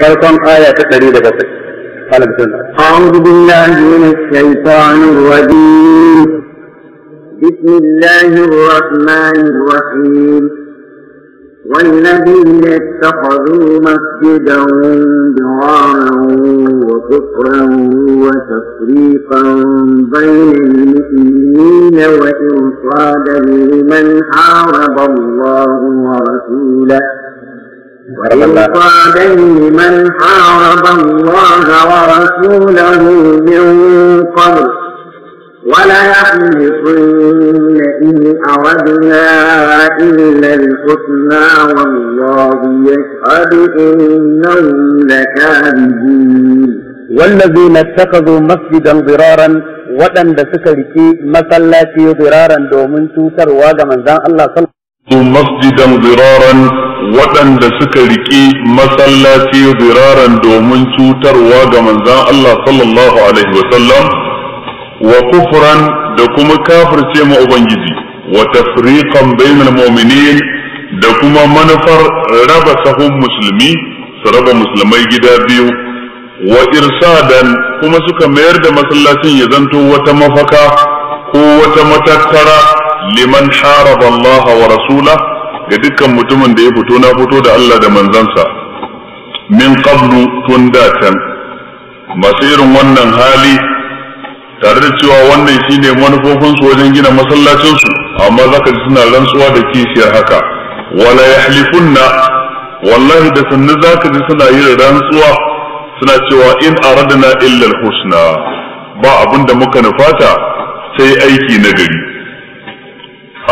farkon آية ta ɗari قال بسم الله أعوذ بالله من الشيطان الرجيم بسم الله الرحمن الرحيم والذين اتخذوا مسجدا ضرارا وكفرا وتفريقا بين المؤمنين وإرصادا لمن حارب الله ورسوله والقادين من حارب الله ورسوله من قبل ولا يحلفن إن أردنا إلا الحسنى والله يشهد إنهم لكاذبين والذين اتخذوا مسجدا ضرارا وتن da مثلا rike masallaci دومنتو domin cutarwa الله manzon Allah sallallahu alaihi wasallam masjidan waɗanda suka riƙi masallaci ziraran domin cutarwa ga manzan Allah sallallahu alaihi wasallam wa kufran da kuma kafirce ma Ubangiji wa tafriqan bainal mu'minin da kuma manufar raba sahun musulmi su raba musulmai gida biyu wa irsadan kuma suka mayar da masallacin ya zanto wata mafaka ko wata matattara liman haraba Allah wa rasulahu ga dukkan mutumin da ya fito na fito da Allah da manzansa min qablu tun da can masu irin wannan hali tare da cewa wannan shine manufofin su wajen gina masallacin su amma zaka ji suna rantsuwa da kishiyar haka wala yahlifunna wallahi da sannu zaka ji suna yin rantsuwa suna cewa in aradna illa al-husna ba abinda muka nufata sai aiki na gari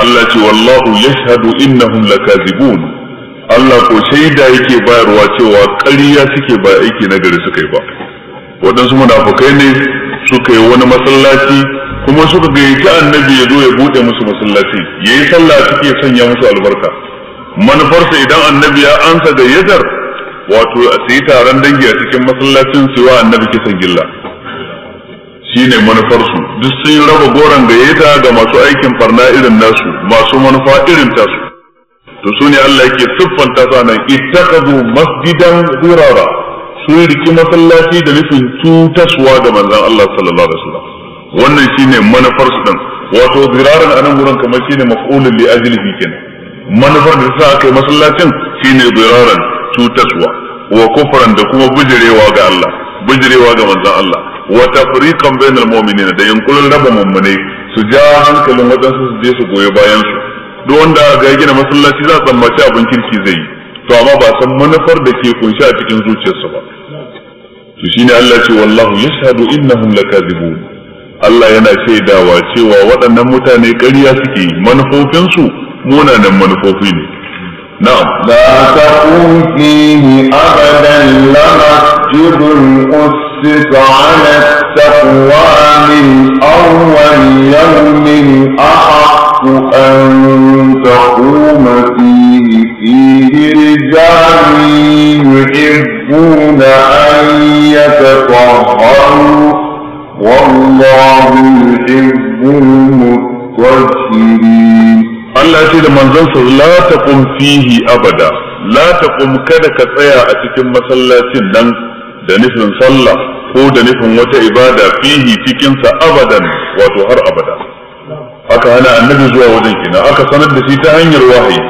Allah ce wallahu yashhadu innahum lakazibun Allah ko shaida yake bayarwa cewa ƙarya suke ba aiki na gari suka yi ba waɗansu munafukai ne suka yi wani masallaci kuma suka gayyaci annabi ya zo ya buɗe musu masallaci yayi sallah suke sanya musu albarka manufarsa idan annabi ya ansa gayyatar wato a sayi taron dangi a cikin masallacin su wa annabi kisan gilla shine manufarsu duk sun raba goron gayyata ga masu aikin farna irin nasu masu manufa irin tasu to su ne Allah yake siffanta sa nan ittakhadhu masjidan zirara su riki masallaci da nufin cutaswa ga manzon Allah sallallahu alaihi wasallam wannan shine manufar su din wato a nan gurin kamar shine maf'ulun li ajlihi kenan manufar da sa aka yi masallacin shine ziraran cutaswa wa kufran da kuma bijirewa ga Allah bijirewa ga manzon Allah wa tafriqan bainal mu'minin da yankulun raba mummunai su ja hankalin waɗansu su je su goyi bayan su duk wanda ga gina masallaci za a tsammaci abin kirki zai yi to amma ba san manufar da ke kunshi a cikin zuciyarsu ba to shine Allah ce wallahu yashhadu innahum lakazibun Allah yana shaidawa cewa waɗannan mutane ƙarya suke manufofinsu munanan manufofi ne نعم لا تقوم فيه أبدا لمسجد أسس أسست على التقوى من أول يوم أحق أن تقوم فيه فيه رجال يحبون أن يتطهروا والله يحب المتطهرين الله يقول من زنصر لا تقم فيه أبدا لا تقم كذا كثيرا أتكم مثلا سنة da nufin sallah ko da nufin wata ibada fihi cikinsa abadan wato har abada aka hana annabi zuwa wajen kina aka sanar da shi ta hanyar wahayi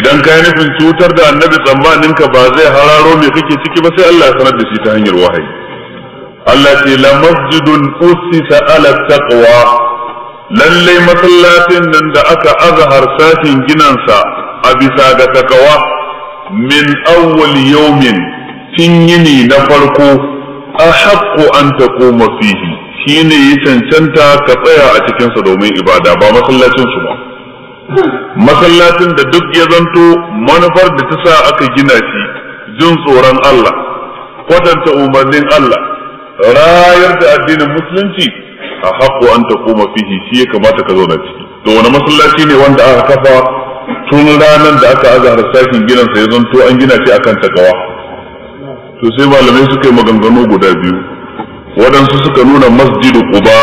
idan yi nufin cutar da annabi tsammanin ka ba zai hararo me kake ciki ba sai Allah ya sanar da shi ta hanyar wahayi Allah ce la masjidun usisa ala taqwa lalle masallacin nan da aka azhar satin ginansa a bisa ga takawa min awwal yawmin kin yini na farko a haƙƙo an taquma fihi shine ya cancanta ka tsaya a cikinsa domin ibada ba masallacin su ba masallacin da duk ya zanto manufar da ta sa aka gina shi jin tsoron Allah kwatanta umarnin Allah rayar da addinin musulunci a haƙƙo an ta koma fihi shi ya kamata ka zauna ciki to wani masallaci ne wanda aka kafa tun ranar da aka azahar sakin ginansa ya zanto an gina shi akan takawa to sai malamai suka yi maganganu guda biyu waɗansu suka nuna masjidu quba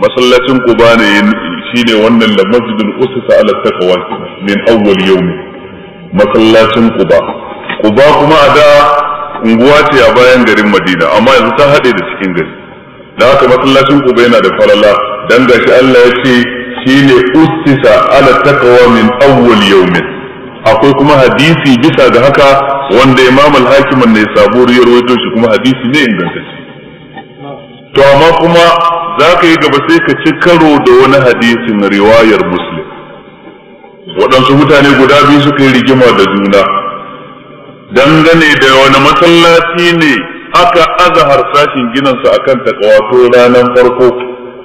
masallacin quba ne shine wannan la masjidul usisa ala taqwa min awwal yawm masallacin quba quba kuma a da unguwa ce a bayan garin madina amma yanzu ta haɗe da cikin gari da haka masallacin quba yana da falala dan gashi Allah ya ce shine usisa ala taqwa min awwal yawmin akwai kuma hadisi bisa ga haka wanda imam al-hakim ne sabuwar ya rawaito shi kuma hadisi ne ingantacce to amma kuma za ka yi gaba sai ka ci karo da wani hadisin riwayar muslim waɗansu mutane guda biyu suka yi rigima da juna dangane da wani masallaci ne aka aza harsashin ginansa akan takawato ranar farko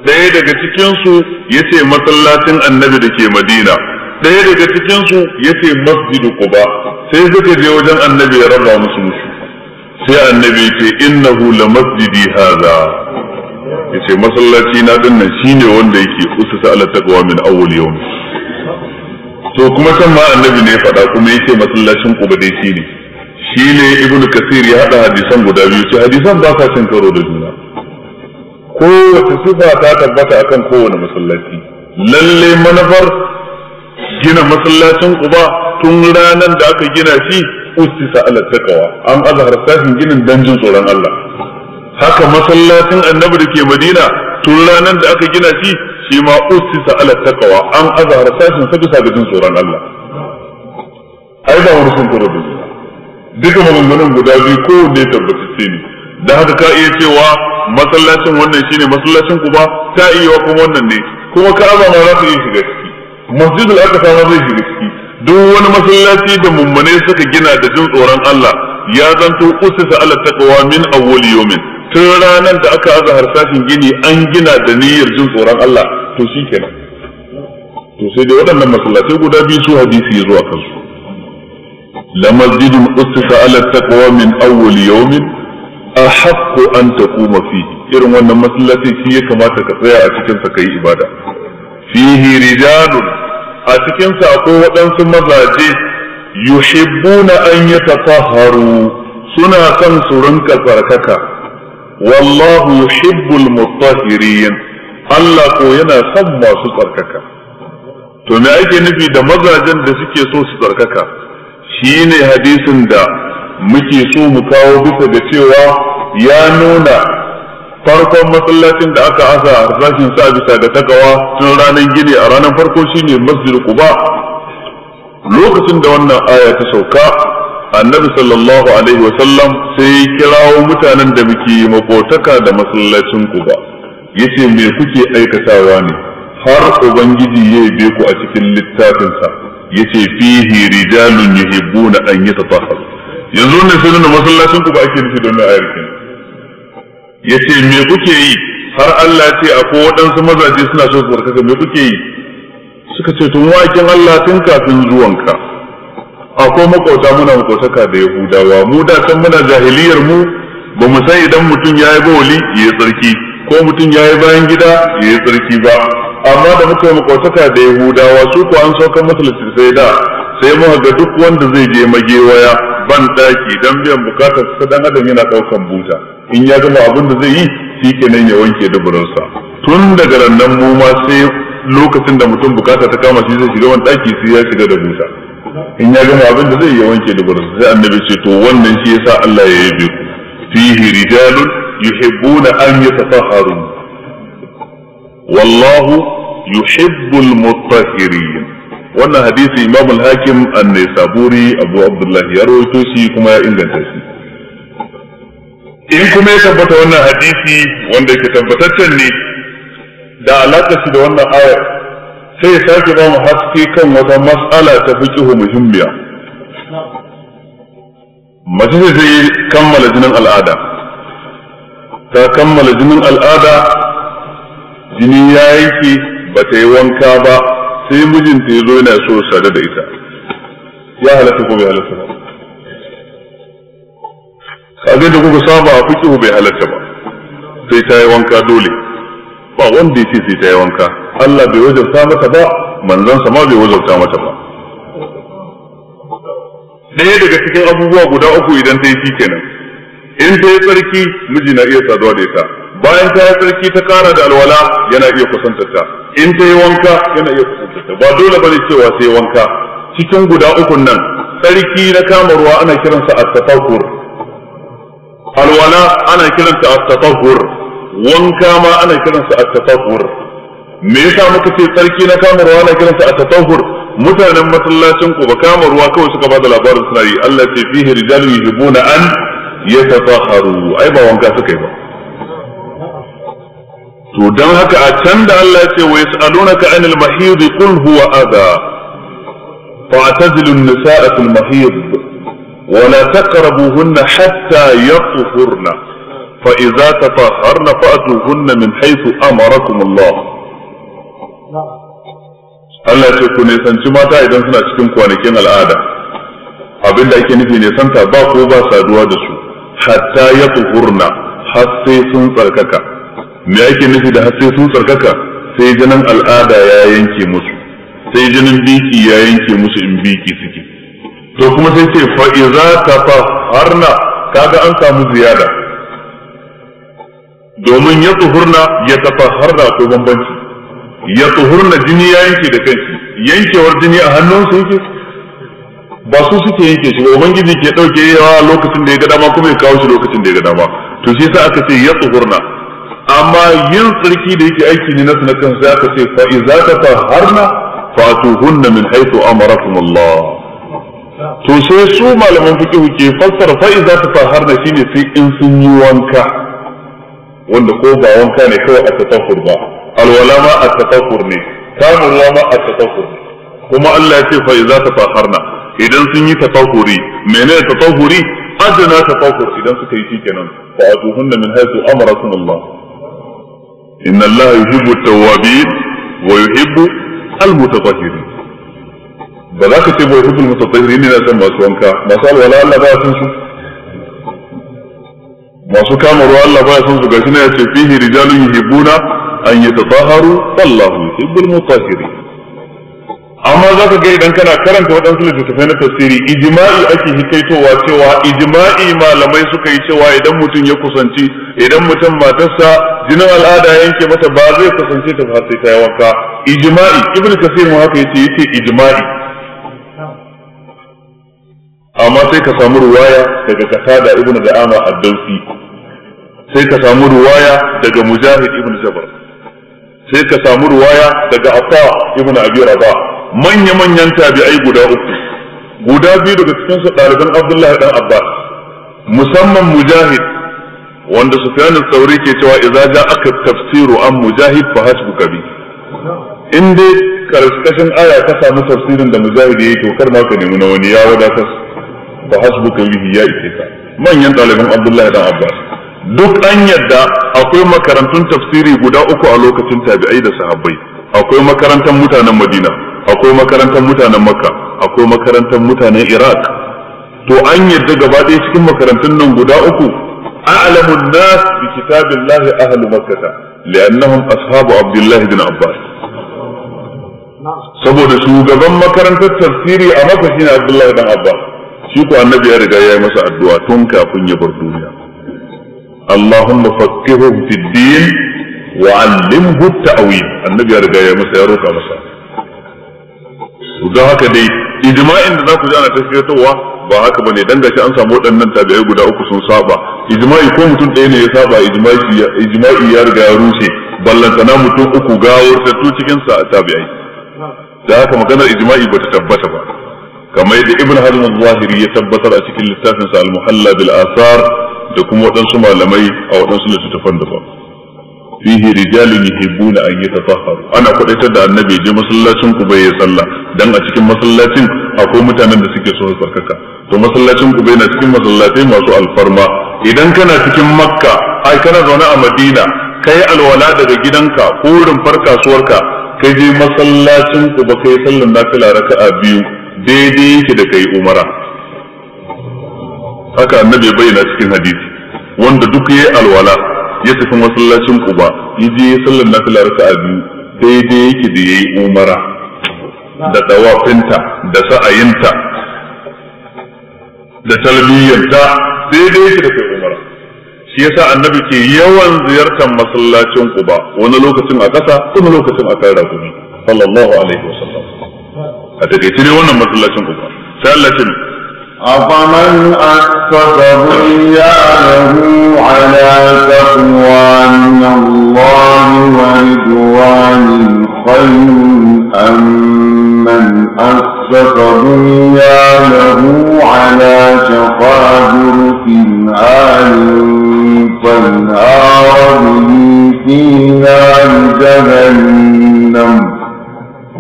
ɗaya daga cikinsu ya ce masallacin annabi da ke madina ɗaya daga cikin su yace masjidu quba sai suka je wajen annabi ya raba musu musu sai annabi ya ce innahu la masjidi hadha yace masallaci na dinnan shine wanda yake ususa ala taqwa min awwal yawm to kuma can ma annabi ne faɗa kuma yace masallacin quba dai shine shine ibnu kasir ya hada hadisan guda biyu ce hadisan ba sa cin karo da juna kowace sifa ta tabbata akan kowane masallaci lalle manafar. gina masallacin Quba tun ranar da aka gina shi ustisa ala takawa an azhar sahin ginin danjin jin tsoron Allah haka masallacin Annabi da ke Madina tun ranar da aka gina shi shi ma ustisa ala takawa an azhar sahin saka bisa jin tsoron Allah ai ba wani sun koro da duka maganganun guda biyu ko ne ce ne da haka ka iya cewa masallacin wannan shine masallacin Quba ta iya kuma wannan ne kuma Ka'aba ma za yi iya shiga masjidul aqsa ma zai shiga ciki duk wani masallaci da mummune suka gina da jin tsoron Allah ya zanto usisa ala taqwa min awwal yawmin tun ranar da aka aza harsashin gini an gina da niyyar jin tsoron Allah to shi shikenan to sai dai waɗannan masallatai guda biyu su hadisi ya zo a kansu la masjidun usisa ala taqwa min awwal yawmin ahqqu an taquma fihi irin wannan masallaci shi ya kamata ka tsaya a cikin sa kai ibada fihi a cikin sa akwai waɗansu mazaje yuhibbuna na yatatahharu suna son su rinka tsarkaka wallahu yuhibbul mutahhirin Allah ko yana son masu tsarkaka to me ake nufi da mazajen da suke so su tsarkaka shine hadisin da muke so mu kawo duka ga cewa ya nuna farkon masallacin da aka asa rashin sa bisa ga takawa tun ranar gini a ranar farko shine masjid quba lokacin da wannan aya ta sauka annabi sallallahu alaihi wa sallam sai kirawo mutanen da muke makotaka da masallacin quba yace me kuke aikatawa ne har ubangiji ya yi ku a cikin littafinsa yace fihi rijalun yuhibbuna an yatatahharu yanzu ne sai masallacin quba ake nufi don ayar kenan yace me kuke yi har Allah ya ce akwai waɗansu mazaje suna so su warkaka me kuke yi suka ce tun wakin Allah tun kafin zuwanka akwai makauta muna makautaka da Yahudawa mu da san muna jahiliyar mu ba mu san idan mutum ya yi yayi ya yi tsarki ko mutum ya yi bayan gida ya yi tsarki ba amma da muka yi makautaka da Yahudawa su ko an saukar masa sai da sai mu ga duk wanda zai je magewaya ban daki dan biyan bukatar sa dan adam yana daukan buta in ya gama abin da zai yi shi kenan ya wanke duburinsa tun daga rannan mu ma sai lokacin da mutum bukata ta kama shi zai shiga wani daki sai ya shiga da busa in ya gama abin da zai ya wanke duburinsa sai annabi ce to wannan shi yasa Allah ya yabe ku fihi rijalun yuhibbuna an yatatahharu wallahu yuhibbul mutahhirin wannan hadisi imamul hakim an-nisaburi abu abdullahi ya rawaito shi kuma ya inganta shi in kuma ya tabbata wannan hadisi wanda ke tabbataccen ne da alaƙa shi da wannan ayar sai ya sake ba mu haske kan wata mas'ala ta fiqihu muhimmiya mace zai sai kammala jinin al'ada ta kammala jinin al'ada jini ya yanke ba ta yi wanka ba sai mijinta ya zo yana so sare da ita ya halatta ko bai halatta ba abin da kuka saba a fiƙihu bai halatta ba sai ta yi wanka dole ba wanda yake sai ta yi wanka Allah bai wajabta mata ba manzon sa ma bai wajabta mata ba ɗaya daga cikin abubuwa guda uku idan ta yi shi kenan in ta yi tsarki miji na iya saduwa da ita bayan ta yi tsarki ta kara da alwala yana iya kusantarta in ta yi wanka yana iya kusantarta ba dole ba ne cewa sai wanka cikin guda ukun nan tsarki na kama ruwa ana kiransa a tafakur alwala ana kiransa at-tatahhur wanka ma ana kiransa at-tatahhur me yasa muka ce sarki na kama ruwa ana kiransa at-tatahhur mutanen masallacin ku ba kama ruwa kawai suka bada labarin suna yi Allah ce fihi rijalu yuhibbuna an yatatahharu ai ba wanka suka yi ba to dan haka a can da Allah ce wa yas'alunaka anil mahid qul huwa adha fa'tazilu nisaa fil mahid ولا تقربوهن حتى يطهرن فإذا تطهرن فأتوهن من حيث أمركم الله Allah ce ku nisanci mata idan suna cikin kwanakin al'ada abin da ake nufi nisanta ba ko ba saduwa da su hatta ya tuhurna har sai sun tsarkaka me ake nufi da har sai sun tsarkaka sai jinin al'ada ya yanke musu sai jinin biki ya yanke musu in biki suke to kuma sai ce fa iza harna kaga an samu ziyada domin ya tuhurna ya harna ko bambanci ya tuhurna jini ya yanke da kanshi yankewar jini a su yake ba su suke yanke shi ba ubangiji ke dauke yawa lokacin da ya ga dama kuma ya kawo shi lokacin da ya ga dama to shi sai aka ce ya tuhurna amma yin tsarki da yake aiki ne na sunan kansa aka ce fa iza harna? fa tuhunna min haythu amarakum Allah to sai su malaman fiqh ke fassara fa iza shi shine sai in sun yi wanka wanda ko ba wanka ne kawai a tatahur ba alwala ma a tatahur ne wa ma a tatahur kuma Allah ya ce fa iza na. idan sun yi tatahuri menene tatahuri adana tatahur idan suka yi shikenan fa atuhunna min haythu amarakum Allah inna Allah yuhibbu at-tawwabin wa yuhibbu al-mutatahhirin ba za ka ce bai hukun mutatahiri ne na san masu wanka masu alwala Allah ba san su masu kamaru Allah ba san su gashi ne ya ce fihi rijalu yuhibuna an yatatahharu wallahu yuhibbul mutahhiri amma za ka ga idan kana karanta waɗansu littattafai na tafsiri ijma'i ake hikaitowa cewa ijma'i malamai suka yi cewa idan mutum ya kusanci idan mutum matarsa jinin al'ada yanke mata ba zai kusance ta har sai ta wanka ijma'i ibnu kasir ma haka yace yace ijma'i amma sai ka samu ruwaya daga da ibn da'ama a dawsi sai ka samu ruwaya daga mujahid ibn jabar sai ka samu ruwaya daga afa ibn abi rabah manya manyan tabi'ai guda uku guda biyu daga cikin su daliban abdullahi dan abbas musamman mujahid wanda sufyan al-thawri ke cewa idza aka tafsiru an mujahid fa hasbu kabi. in dai karkashin aya ka samu tafsirin da mujahid yake to kar ma ka nemi na wani ya wadatar fa hasbuka bihi ya ka. manyan ɗaliban abdullah dan abbas duk an yadda akwai makarantun tafsiri guda uku a lokacin tabi'ai da sahabbai akwai makarantar mutanen madina akwai makarantar mutanen makka akwai makarantar mutanen iraq to an yadda gaba ɗaya cikin makarantun nan guda uku a'lamu nas bi kitabillahi ahli makkah li'annahum ashabu abdullahi bin abbas saboda shugaban makarantar tafsiri a makka shine abdullahi bin abbas shi ko annabi ya riga ya yi masa addu'a tun kafin ya bar duniya Allahumma faqihu fid din wa 'allimhu at-ta'wil annabi ya riga ya masa ya roka masa ga haka dai ijma'in da za ku ji ana wa ba haka bane dan gashi an samu waɗannan tabi'ai guda uku sun saba ijma'i ko mutum ɗaya ne ya saba ijma'i ijma'i ya riga ya rushe ballantana mutum uku gawar tu cikin sa tabi'ai da haka maganar ijma'i bata tabbata ba Ka yadda ibn hazm az-zahiri ya tabbatar a cikin littafin sa al-muhalla bil asar da kuma waɗansu malamai a waɗansu littattafan da ba fihi rijalun yuhibbuna an yatatahharu ana kwadaitar da annabi je masallacin ku bai sallah dan a cikin masallacin akwai mutanen da suke so su tsarkaka to masallacin ku bai na cikin masallatai masu alfarma idan kana cikin makka ai kana zaune a madina kai alwala daga gidanka ko rumfar kasuwarka kai je masallacin ku ba kai sallan nafila raka'a biyu daidai yake da kai umara haka annabi ya bayyana cikin hadisi wanda duk yayi alwala ya tafi masallacin Quba ya je na sallar nafila raka'a biyu daidai yake da yayi umara da dawafinta da sa'ayinta da talbiyyanta daidai yake da kai umara shi yasa annabi ke yawan ziyartar masallacin Quba wani lokacin a ƙasa wani lokacin a kan rakumi sallallahu alaihi wasallam a takaice dai wannan masallacin uba sai Allah ce أفمن أسس بنيانه على تقوى من الله ورضوان خير أم من أسس بنيانه على شفا جرف آل فانهار به في نار جهنم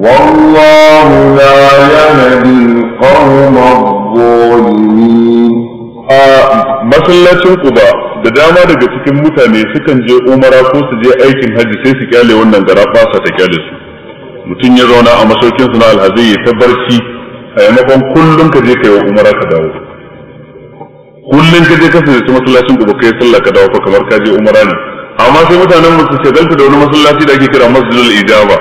والله لا يهد القوم الظالمين masallacin kuba da dama daga cikin mutane sukan je umara ko su je aikin hajji sai su kyale wannan gara fasa ta kyale su mutum ya zauna a masaukin suna na ya ta barci a yamakon kullum ka je kai wa umara ka dawo kullum ka je ka su masallacin kuba kai sallah ka dawo fa kamar ka je umara ne amma sai mutanen mu su shagalta da wani masallaci da ake kira masjidul ijaba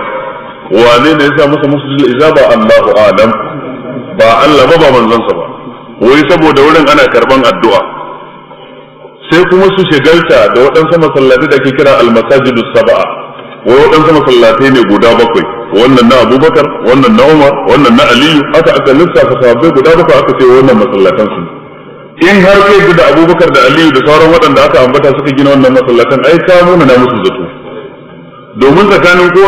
wane ne yasa masa musu izaba Allahu alam ba Allah ba ba sa ba wai saboda wurin ana karban addu'a sai kuma su shigalta da waɗansu masallati da ke kira almasajidu saba'a wai waɗansu masallatai ne guda bakwai wannan na abubakar wannan na umar wannan na aliyu aka aka lissafa sahabbai guda bakwai aka ce wannan masallatan su in har kai da abubakar da aliyu da sauran waɗanda aka ambata suka gina wannan masallatan ai ka nuna na musu zato domin tsakanin ko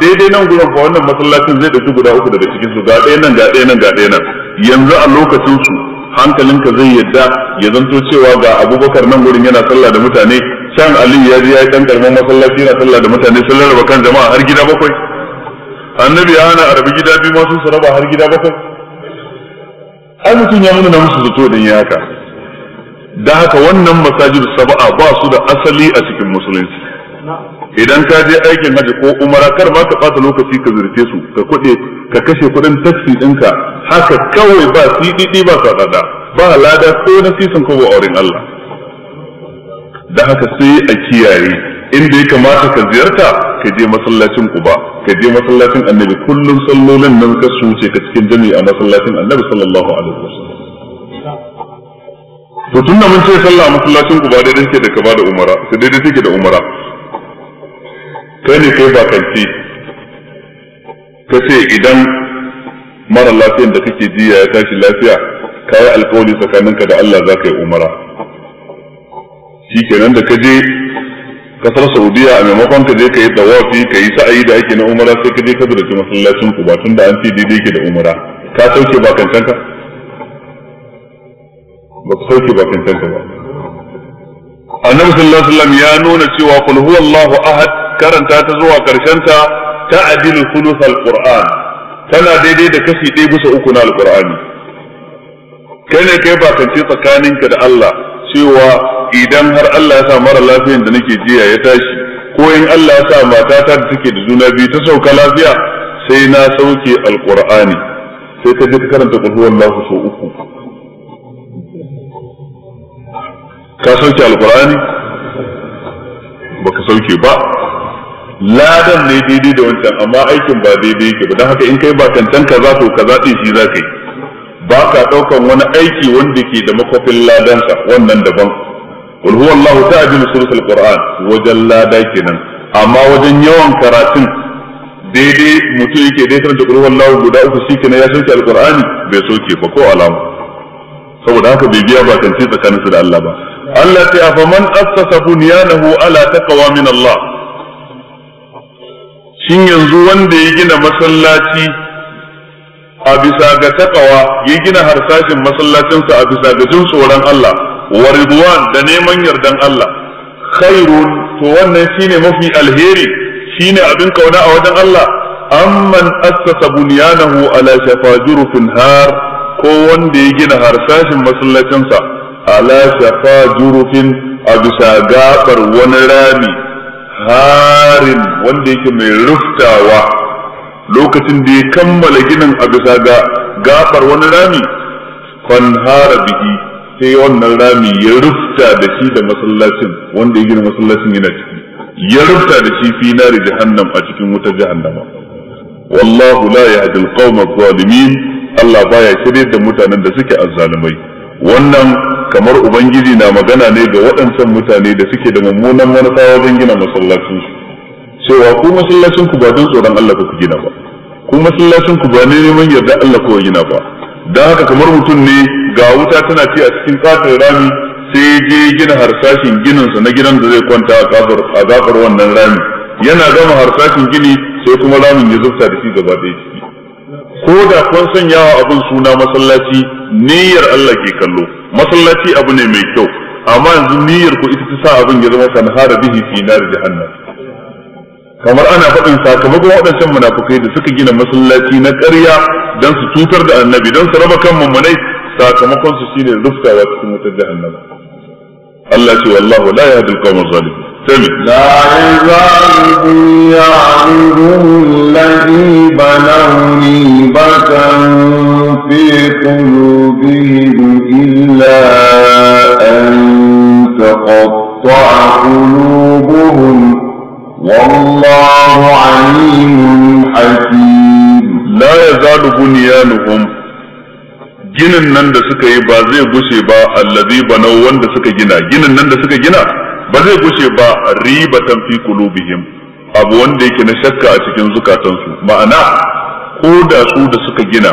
daidai nan gurin fa wannan masallacin zai dauki guda uku daga cikin su ga ɗaya nan ga ɗaya nan ga ɗaya nan yanzu a lokacin su hankalinka zai yadda ya zanto cewa ga Abubakar nan gurin yana sallah da mutane can Ali ya je ya yi ɗan karamin masallaci yana sallah da mutane sun rarraba kan jama'a har gida bakwai annabi ya hana arabi gida biyu masu su raba har gida bakwai ai mutum ya nuna musu zato din ya haka da haka wannan masajid saba'a ba su da asali a cikin musulunci idan ka je aikin haji ko umara kar ba ka fata lokaci ka zurce su ka kuɗe ka kashe kuɗin taksi ɗinka haka kawai ba siɗiɗi ba haɗaɗa ba lada ko na sisin ko wurin Allah da haka sai a kiyaye inda ya kamata ka ziyarta ka je masallacin Quba ka je masallacin Annabi kullum sallolin nan ka suce ka cikin jami'a a masallacin Annabi sallallahu alaihi wasallam to tunda mun ce sallah masallacin Quba daidai take da kaba da umara sai daidai take da umara kai ne kai bakanci ka ce idan mara lafiyan da kake jiya ya tashi lafiya ka yi alkawari tsakaninka da Allah za ka yi umara shi kenan da ka je kasar saudiya a maimakon ka je ka yi tawafi ka yi sa'ayi da ake na umara sai ka je ka zurci masallacin ku ba tun da an ce daidai ke da umara ka sauke bakancanka ba ka sauke bakancanka ba annabi sallallahu alaihi wasallam ya nuna cewa qul huwallahu ahad karanta ta zuwa ƙarshen ta ta'dilu thuluth alquran tana daidai da kashi ɗaya bisa uku na alqurani kai ne kai bakance tsakaninka da Allah cewa idan har Allah ya sa mara lafiyan da nake jiya ya tashi ko in Allah ya sa matata da take da juna biyu ta sauka lafiya sai na sauke alqur'ani sai ta je karanta qul huwallahu so uku ka sauke alqur'ani baka sauke ba ladan ne daidai da wancan amma aikin ba daidai yake ba don haka in kai ba ka kaza to ka din shi za ka yi ba ka ɗaukan wani aiki wanda ke da makofin ladansa wannan daban qul huwallahu ta'dilu sulusul qur'an wajen lada kenan amma wajen yawan karatun daidai mutum yake dai karanta qul huwallahu guda uku shi kenan ya soke alqur'ani bai soke ba ko alama saboda haka bai biya ba tsakanin tsakaninsu da Allah ba Allah ta afaman assasa bunyanahu ala taqwa min Allah shin yanzu wanda ya gina masallaci a bisa ga takawa ya gina harsashin masallacinsa a bisa ga jin tsoron Allah wa ridwan da neman yardan Allah khairun to wannan shine mafi alheri shine abin kauna a wajen Allah amman assasa bunyanahu ala shafa har ko wanda ya gina harsashin masallacinsa ala shafa a bisa gabar wani rami harin wanda yake mai ruftawa lokacin da ya kammala ginin a bisa ga gafar wani rami hara biki sai wannan rami ya rufta da shi da masallacin wanda ya gina masallacin yana ciki ya rufta da shi fi nari jahannam a cikin wutar jahannama wallahu la yahdi al-qawma adh Allah baya shirye da mutanen da suke azzalumai wannan kamar ubangiji na magana ne ga waɗansan mutane da suke da mummunan manufa wajen gina masallacin su cewa ku masallacin ku ba don tsoron Allah ku gina ba ku masallacin ku ba ne neman yarda Allah ku gina ba dan haka kamar mutum ne ga wuta tana ci a cikin katin rami sai ya je gina harsashin ginin sa na gidan da zai kwanta a kafar a wannan rami yana gama harsashin gini sai kuma ramin ya zubta da shi gaba ɗaya ko da kun sanyawa abin suna masallaci niyyar Allah ke kallo masallaci abu ne mai kyau amma yanzu niyyar ku ita ta sa abin ya zama sanhara bihi fi nar jahannam kamar ana faɗin sakamakon waɗancan munafukai da suka gina masallaci na ƙarya don su cutar da annabi don su raba kan mummunai sakamakon su shine ruftawa cikin wutar jahannama Allah ce wallahu la yahdi al-qawm سمي لا عباد يعبدون الذي بلوا ريبة في قلوبهم إلا أن تقطع قلوبهم والله عليم حكيم لا يزال بنيانهم ginin nan da suka yi ba zai gushe ba allazi banau wanda suka gina ginin nan da suka gina ba zai gushe ba ribatan fi qulubihim abu wanda yake na shakka a cikin zukatansu ma'ana ko da su da suka gina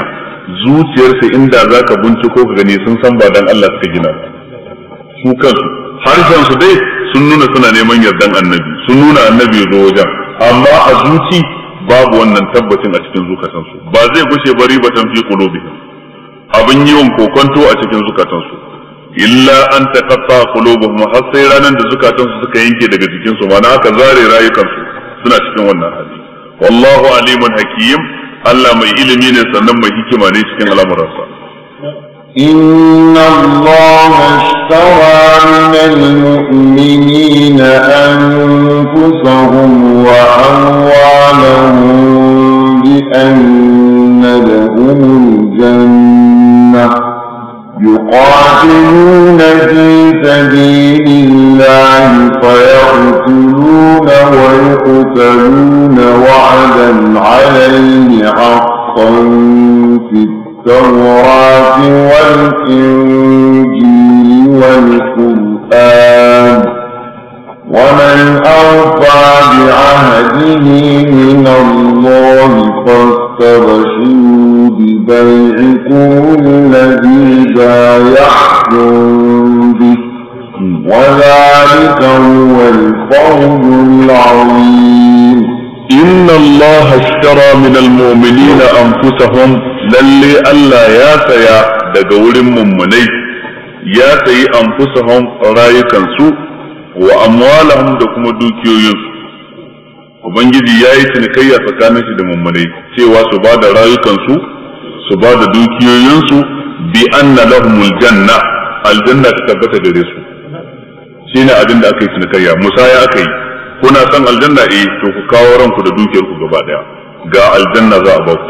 zuciyarsa inda zaka binciko ka gani sun san ba dan Allah suka gina su kansu harshen su dai sun nuna suna neman yardan annabi sun nuna annabi ya zo wajen amma a zuci babu wannan tabbacin a cikin zukatansu ba zai gushe ba ribatan fi qulubihim abin yiwon kokonto a cikin zukatansu illa an taqatta qulubuhum har sai ranan da zukatan su suka yanke daga jikin su mana aka zare rayukansu su suna cikin wannan hali wallahu alimun hakim Allah mai ilimi ne sannan mai hikima ne cikin al'amuransa إن الله اشترى من المؤمنين أنفسهم وأموالهم بأن لهم الجنة يقاتلون في سبيل الله فيقتلون ويقتلون وعدا عليه حقا في التوراة والإنجيل والقرآن ومن أوفى بعهده من الله فاستبشروا بيعكم الذي بايعتم به وذلك هو الفوز العظيم إن الله اشترى من المؤمنين أنفسهم للي ألا يا سيا دقول ممني يا سي أنفسهم رايكا سوء وأموالهم دكم دوكيو يوسف Ubangiji ya yi cinikayya tsakanin shi da mummunai cewa su ba da rayukansu su ba da dukiyoyinsu bi anna lahumul janna aljanna ta tabbata gare su shine abin da aka yi musa ya aka yi kuna san aljanna eh to ku kawo ranku da dukiyar ku gaba daya ga aljanna za a ba ku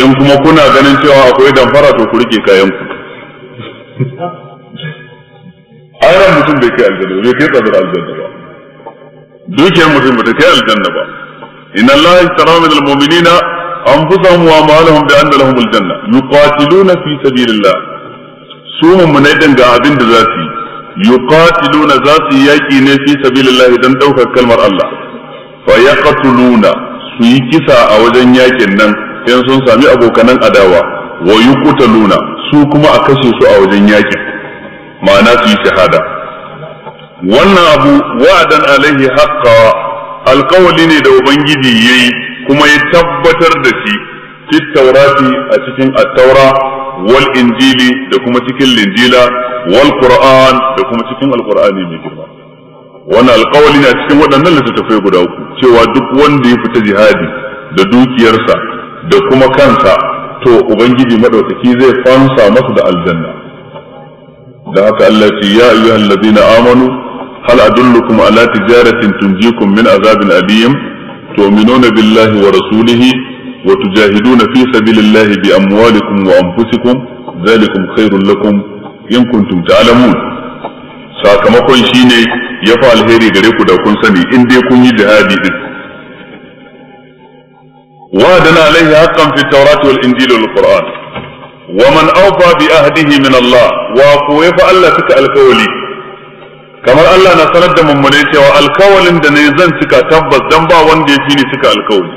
in kuma kuna ganin cewa akwai damfara to ku rike kayan ku ayran mutum bai kai aljanna bai kai tsadar aljanna ba dukiyar mutum bai kai aljanna ba inna allaha ishtara min almu'minina أنفسهم وأموالهم بأن لهم الجنة يقاتلون في سبيل الله سوم من أيدن قاعدين ذاتي يقاتلون ذاتي يأكين في سبيل الله دن دوك كلمة الله فيقتلون في سيكسا أوجن يأكين إن سن سامي أبو كنن أداوة ويقتلون سوكما أكسسوا أوجن يأكين ما في شهادة wannan abu wa'adan alaihi haqqa alkawali ne da ubangiji yayi kuma ya tabbatar da shi fit taurati a cikin Attaura, wal injili da kuma cikin linjila wal qur'an da kuma cikin alqur'ani mai girma wannan alƙawali na cikin waɗannan littattafai guda uku cewa duk wanda ya fita jihadi da dukiyarsa da kuma kansa to ubangiji madaukaki zai fansa masa da aljanna da haka Allah ce ya ayyuhallazina amanu hal adullukum ala tijaratin tunjikum min azabin alim تؤمنون بالله ورسوله وتجاهدون في سبيل الله بأموالكم وأنفسكم ذلكم خير لكم إن كنتم تعلمون sakamakon shine ya fi alheri gare ku da kun sani in dai kun yi jihadi din wa'adana alaihi haqqan fi tawrati wal injili wal qur'an wa man awfa bi ahdihi min Allah wa ku fa Allah suka alkawali kamar Allah na sanar da mummunai cewa alkawalin da ne zan cika tabbas dan ba wanda yake ni cika alkawali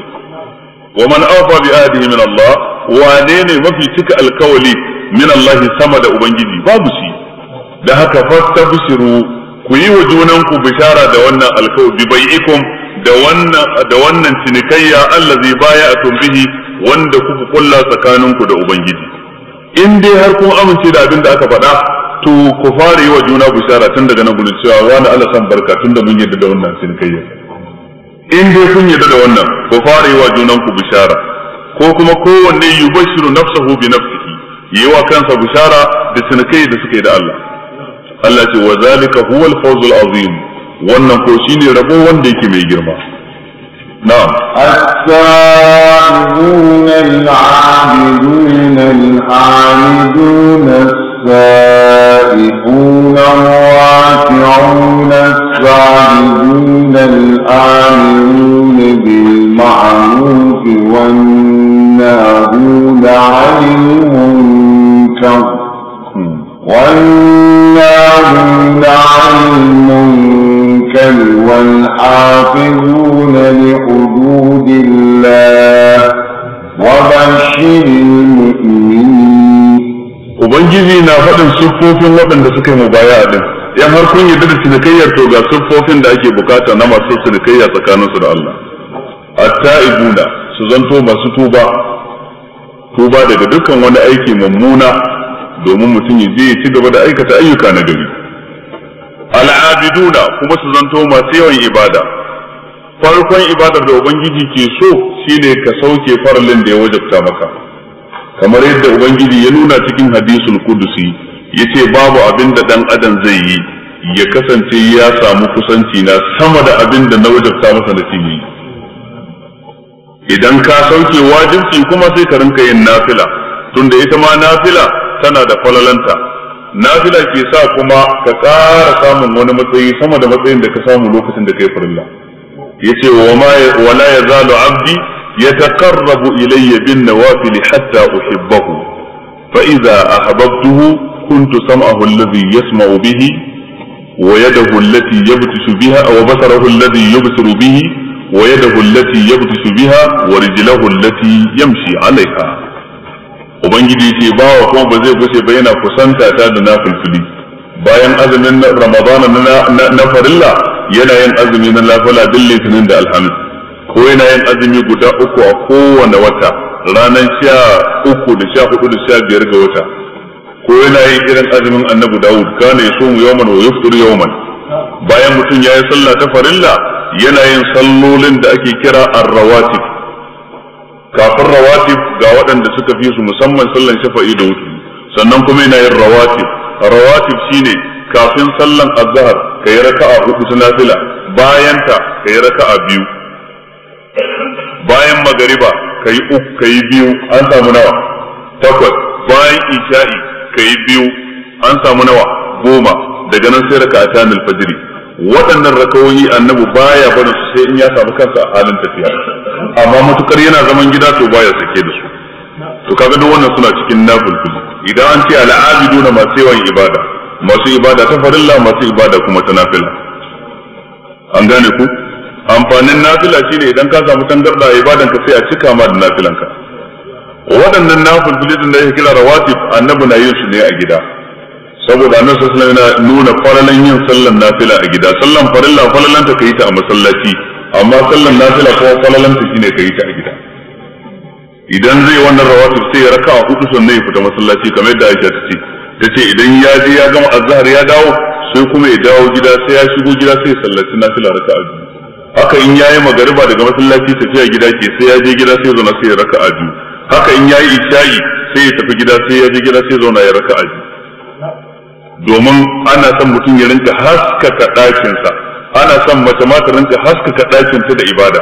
wa man awfa bi ahdihi min Allah ne mafi cika alkawali min Allah sama da ubangiji babu shi da haka fastabshiru ku yi wa junanku bishara da wannan alkawali bai'ikum da wannan da wannan cinikayya allazi baya'atum bihi wanda kuka kulla tsakaninku da ubangiji in dai har kun amince da abin da aka faɗa to ku fara yi wa juna bishara tun daga nan gudun cewa wani Allah san barka tun da mun yadda da wannan sun kai in dai kun yadda da wannan ku fara yi wa junan ku bishara ko kuma kowanne bashiru nafsahu bi nafsihi yi wa kansa bishara da kai da suka yi da Allah Allah ce wa zalika huwa al-fawzul azim wannan ko shine rabo wanda yake mai girma نعم السائلون العابدون الحامدون السائحون الراكعون الساجدون الآمنون بالمعروف والناهون عن المنكر والناهون عن المنكر والحافظون لحدود الله وبشر المؤمنين ubangiji na faɗin siffofin waɗanda suka yi mubaya din in har kun yi da cinikayyar to ga siffofin da ake bukata na masu cinikayya tsakaninsu da Allah hatta ibuna su zanto masu tuba tuba daga dukkan wani aiki mummuna domin mutum ya je ya ci gaba da aikata ayyuka na gari al'abiduna kuma su zanto masu yawan ibada farkon ibadar da ubangiji ke so shine ka sauke faralin da ya wajabta maka kamar yadda ubangiji ya nuna cikin hadisul kudusi yace babu abin da dan adam zai yi ya kasance ya samu kusanci na sama da abin da na wajabta masa na yi idan ka sauke wajibci kuma sai ka rinka yin nafila tunda ita ma nafila tana da falalanta nafila ke sa kuma ka ƙara samun wani matsayi sama da matsayin da ka samu lokacin da kai farilla yace wa ma wala yazalu abdi يتقرب إلي بالنوافل حتى أحبه فإذا أحببته كنت سمعه الذي يسمع به ويده التي يبتش بها وبصره الذي يبصر به ويده التي يبتش بها ورجله التي يمشي عليها وبنجدي في باو كوم بزيب وشي بينا فسنتا تاد نافل فلي باين أزمين رمضان نفر الله ينا ين الله فلا دلي تنين الحمد ko yana yin azumi guda uku a kowane wata ranar sha uku da sha hudu da sha biyar ga wata ko yana yin irin azumin annabi dawud kana mu yawman wa yufṭiru yawman bayan mutum yayi yi sallah ta farilla yana yin sallolin da ake kira ar-rawatib kafin rawatib ga waɗanda suka fi su musamman sallan shafa'i da wutu sannan kuma yana yin rawatib rawatib shine kafin sallan azhar kai raka'a hudu ta nafila bayan ta kai raka'a biyu bayan magariba kai uku kai biyu an samu nawa takwas bayan isha'i kai biyu an samu nawa goma daga nan sai raka ta nil fajiri waɗannan rakawoyi annabi baya barin su sai in ya samu kansa a halin tafiya amma matukar yana zaman gida to baya sake da su to kaga duk wannan suna cikin kuma idan an ce na masu yawan ibada masu ibada ta farilla masu ibada kuma ta nafila an gane ku amfanin nafila shine idan ka samu tangarda ibadan ka sai a cika ma da nafilan ka waɗannan nafilfilin da yake kira rawatib annabi na yin su ne a gida saboda annabi sallallahu alaihi wasallam nuna faralan yin sallan nafila a gida sallan farilla faralan ta kai ta a masallaci amma sallan nafila ko faralan ta shine kai ta a gida idan zai wannan rawatib sai ya raka hudu sannan ya fita masallaci kamar yadda Aisha ta ce ta ce idan ya je ya gama azhar ya dawo sai kuma ya dawo gida sai ya shigo gida sai ya sallaci nafila raka'a biyu haka in yayi magariba daga masallaci tafiya gida ke sai ya je gida sai zauna sai ya raka'a biyu haka in yayi isha'i sai ya tafi gida sai ya je gida sai zauna ya raka'a biyu domin ana son mutum ya rinka haskaka ɗakinsa ana son mace ma ta rinka haskaka ta da ibada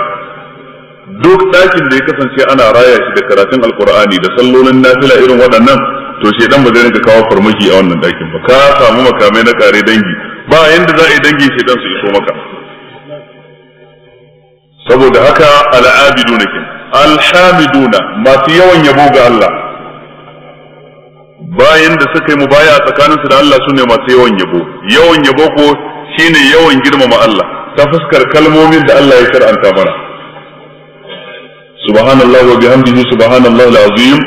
duk ɗakin da ya kasance ana raya shi da karatun alkur'ani da sallolin nafila irin waɗannan to shedan ba zai rinka kawo farmaki a wannan ɗakin ba ka samu makamai na kare dangi ba yanda za a yi dangi dan su iso maka saboda haka al'abiduna kin alhamiduna masu yawan yabo ga Allah bayan da suka yi mubaya tsakaninsu da Allah sune masu yawan yabo yawan yabo ko shine yawan girmama Allah ta fuskar kalmomin da Allah ya shar'anta mana subhanallahi wa bihamdihi subhanallah alazim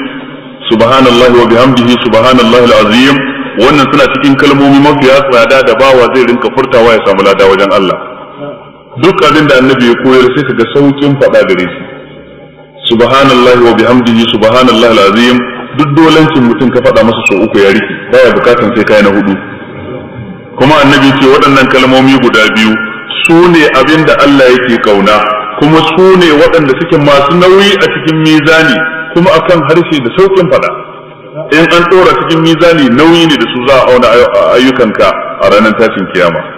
subhanallahi wa bihamdihi subhanallah alazim wannan suna cikin kalmomi mafi tsada da ba, wa zai rinka furtawa ya samu lada wajen Allah duk abin da annabi ya koyar sai kaga saukin faɗa gare shi subhanallahi wa bihamdihi subhanallahi alazim duk dolancin mutum ka faɗa masa sau uku ya rike baya bukatan sai kai na hudu kuma annabi ce waɗannan kalmomi guda biyu su ne abin da Allah yake kauna kuma su ne waɗanda suke masu nauyi a cikin mizani kuma akan harshe da saukin faɗa in an ɗora cikin mizani nauyi ne da su za a auna ayyukanka a ranar tashin kiyama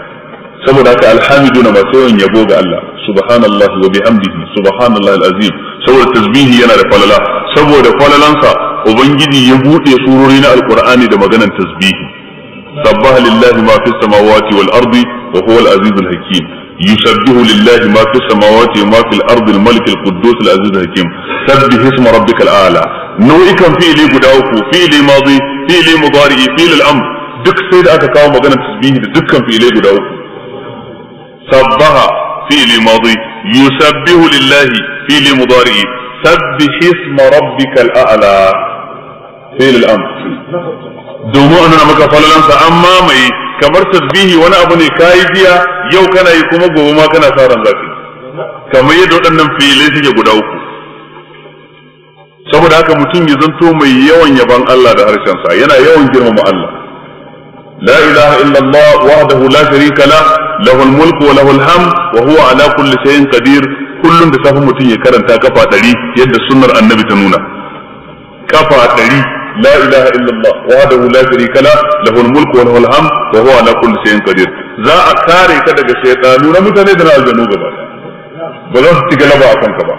saboda haka alhamiduna masu yawan yabo ga Allah subhanallah wa bihamdihi subhanallah alazim saboda tasbihi yana da falala saboda falalansa ubangiji ya bude surori na alqur'ani da maganar tasbihi sabbaha lillahi ma fis samawati wal ardi wa huwa al-aziz al-hakim يسبح لله ما في السماوات وما في الأرض الملك القدوس العزيز الحكيم سبح اسم ربك الأعلى نوئكم في لي قدعوك في لي ماضي في لي مضاري duk sai da aka kawo أتكاو tasbihi da dukkan في guda uku. sabbaha fi'li madi yusabbihu lillahi fi'li mudari sabbih isma rabbikal a'la fi'l al domin an maka falalansa amma mai kamar tasbihi wani abu ne kayi jiya yau kana yi kuma gobe ma kana sa ran zafi kamar yadda waɗannan filai suke guda uku saboda haka mutum ya zanto mai yawan yaban Allah da harshensa yana yawan girmama Allah la ilaha illallah wahdahu la sharika la lahul mulku wa lahul ham kulli shay'in da safa mutum ya karanta kafa ɗari yadda sunnar annabi ta nuna kafa ɗari la ilaha illallah wahdahu la sharika la lahul mulku wa lahul ham wa kulli za a kare ka daga shaytanu na mutane da na aljanu gaba ba za su ci galaba akan ka ba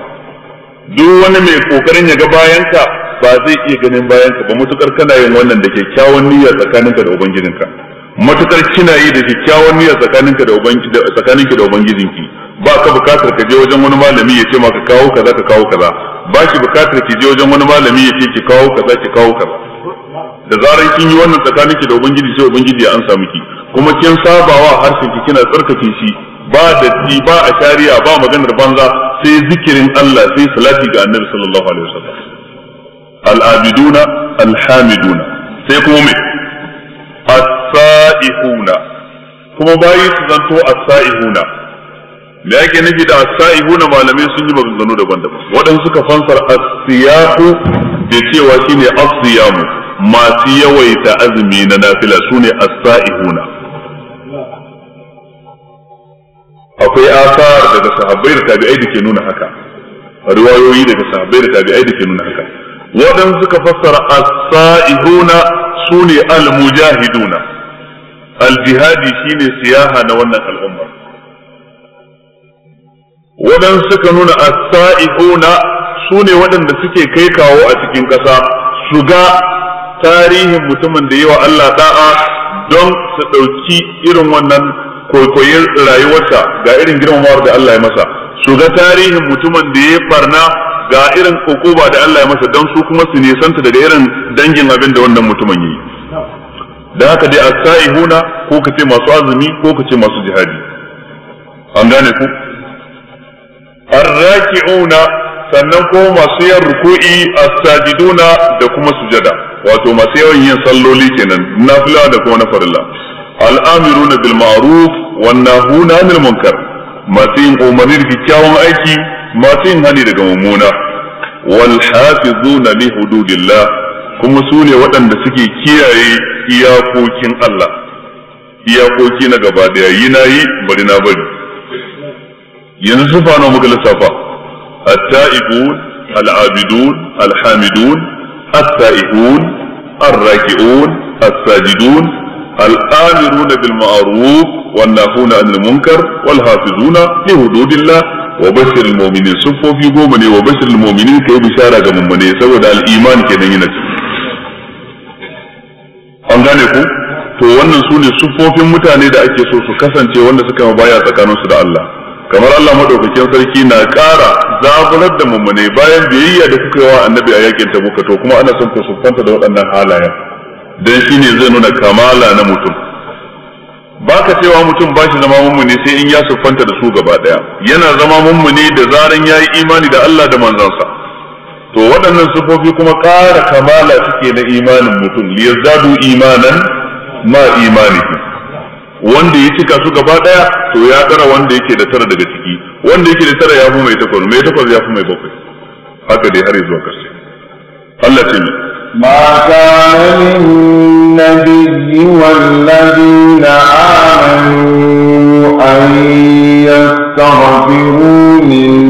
duk wani mai kokarin ya ga bayan ka ba zai iya ganin bayan ka ba mutukar kana yin wannan da kyakkyawan niyya tsakaninka da ubangijinka matukar kina yi da kyakkyawan niyya tsakaninka da ubangiji tsakaninki da ubangijinki ba ka bukatar ka je wajen wani malami ya ce maka kawo kaza ka kawo kaza ba ki bukatar ki je wajen wani malami ya ce ki kawo kaza ki kawo kaza da zarar kin yi wannan tsakaninki da ubangiji sai ubangiji ya ansa miki kuma kin sabawa harshen ki kina tsarkake shi ba da ba a shari'a ba maganar banza sai zikirin Allah sai salati ga Annabi sallallahu alaihi wasallam al-abiduna al-hamiduna sai kuma me asaihuna kuma bayi su zanto asaihuna me yake nufi da asaihuna saihuna malamai sun yi maganganu daban-daban waɗansu suka fansar as da cewa shine asiyamu siyamu masu yawaita azumi na nafila sune as-sa'ihuna akwai asar daga sahabbai da tabi'ai da ke nuna haka riwayoyi daga sahabbai da tabi'ai da ke nuna haka waɗansu suka fassara asaihuna saihuna sune al-mujahiduna aljihadi shine siyaha na wannan al'umma waɗansu suka nuna as sune waɗanda suke kai kawo a cikin ƙasa su ga tarihin mutumin da yawa Allah da'a don su ɗauki irin wannan kwaikwayin rayuwarsa ga irin girmamawar da Allah ya masa su ga tarihin mutumin da ya barna ga irin ukuba da Allah ya masa don su kuma su nisanta daga irin dangin abin da wannan mutumin yi da haka dai as-sa'ihuna ko ka ce masu azumi ko ka ce masu jihadi an gane ku ar-raki'una sannan ko masu yin ruku'i as-sajiduna da kuma sujada wato masu yawan yin salloli kenan nafila da kuma na al-amiruna bil ma'ruf wan nahuna 'anil munkar masu yin umarni da kyakkyawan aiki masu yin hani daga mummuna wal hafizuna li hududillah kuma su ne waɗanda suke kiyaye iyakokin Allah iyakoki na gaba daya yi na yi bari na bari yanzu su fano muka lissafa at-ta'ibun al-abidun al as-sajidun al bil ma'ruf wan nahuna 'anil munkar wal hafizuna li hududillah wa bashiril mu'minin sufofi goma ne wa bashiril mu'minin kai bishara ga mummune saboda al-iman kenan yana ciki an gane ku to wannan su ne sufofin mutane da ake so su kasance wanda suka ma baya tsakaninsu da Allah kamar Allah madaukakin sarki na ƙara zaburar da mummune bayan biyayya da kuka yi wa annabi a yakin tabuka to kuma ana son ku sufanta da waɗannan halayen dan shine zai nuna kamala na mutum baka cewa mutum ba shi zama mummune sai in ya sufanta da su gaba daya yana zama mummune da zaran ya yi imani da Allah da manzansa to waɗannan sufofi kuma ƙara kamala suke na imanin mutum liyazzadu imanan ma imani wanda ya cika su gaba ɗaya to ya tsara wanda yake da tara daga ciki wanda yake da tara ya fi mai takwas mai takwas ya fi mai bakwai haka dai har zuwa ƙarshe Allah ce mi wanda كان للنبي a yi أن يستغفروا لله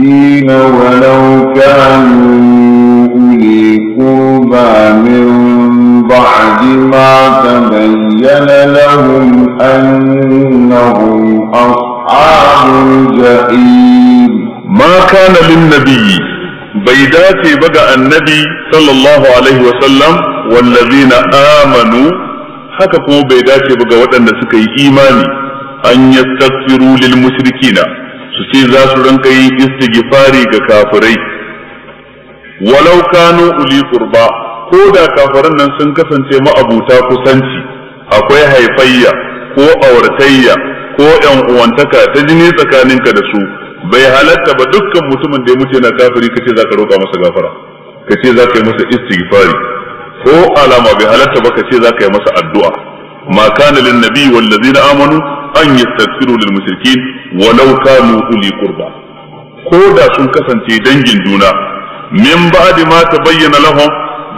المشركين ولو كانوا أولي قربى من بعد ما تبين لهم أنهم أصحاب الجحيم ما كان للنبي بيداتي بقى النبي صلى الله عليه وسلم والذين آمنوا haka kuma bai dace ba ga waɗanda suka yi imani an yastaghfiru lil mushrikina su ce za su ranka yin istighfari ga kafirai walau kanu uli qurba ko da kafirin nan sun kasance ma'abuta kusanci akwai haifayya ko auratayya ko yan uwantaka ta jini tsakaninka da su bai halatta ba dukkan mutumin da ya mutu yana kafiri kace za ka roƙa masa gafara kace za ka yi masa istighfari ko alama bai halatta ba kace za ka yi masa addu'a ma kana lin nabi wal ladina amanu an yastaghfiru lil mushrikin walau kanu uli kurba. ko da sun kasance dangin juna min dima ta bayyana lahum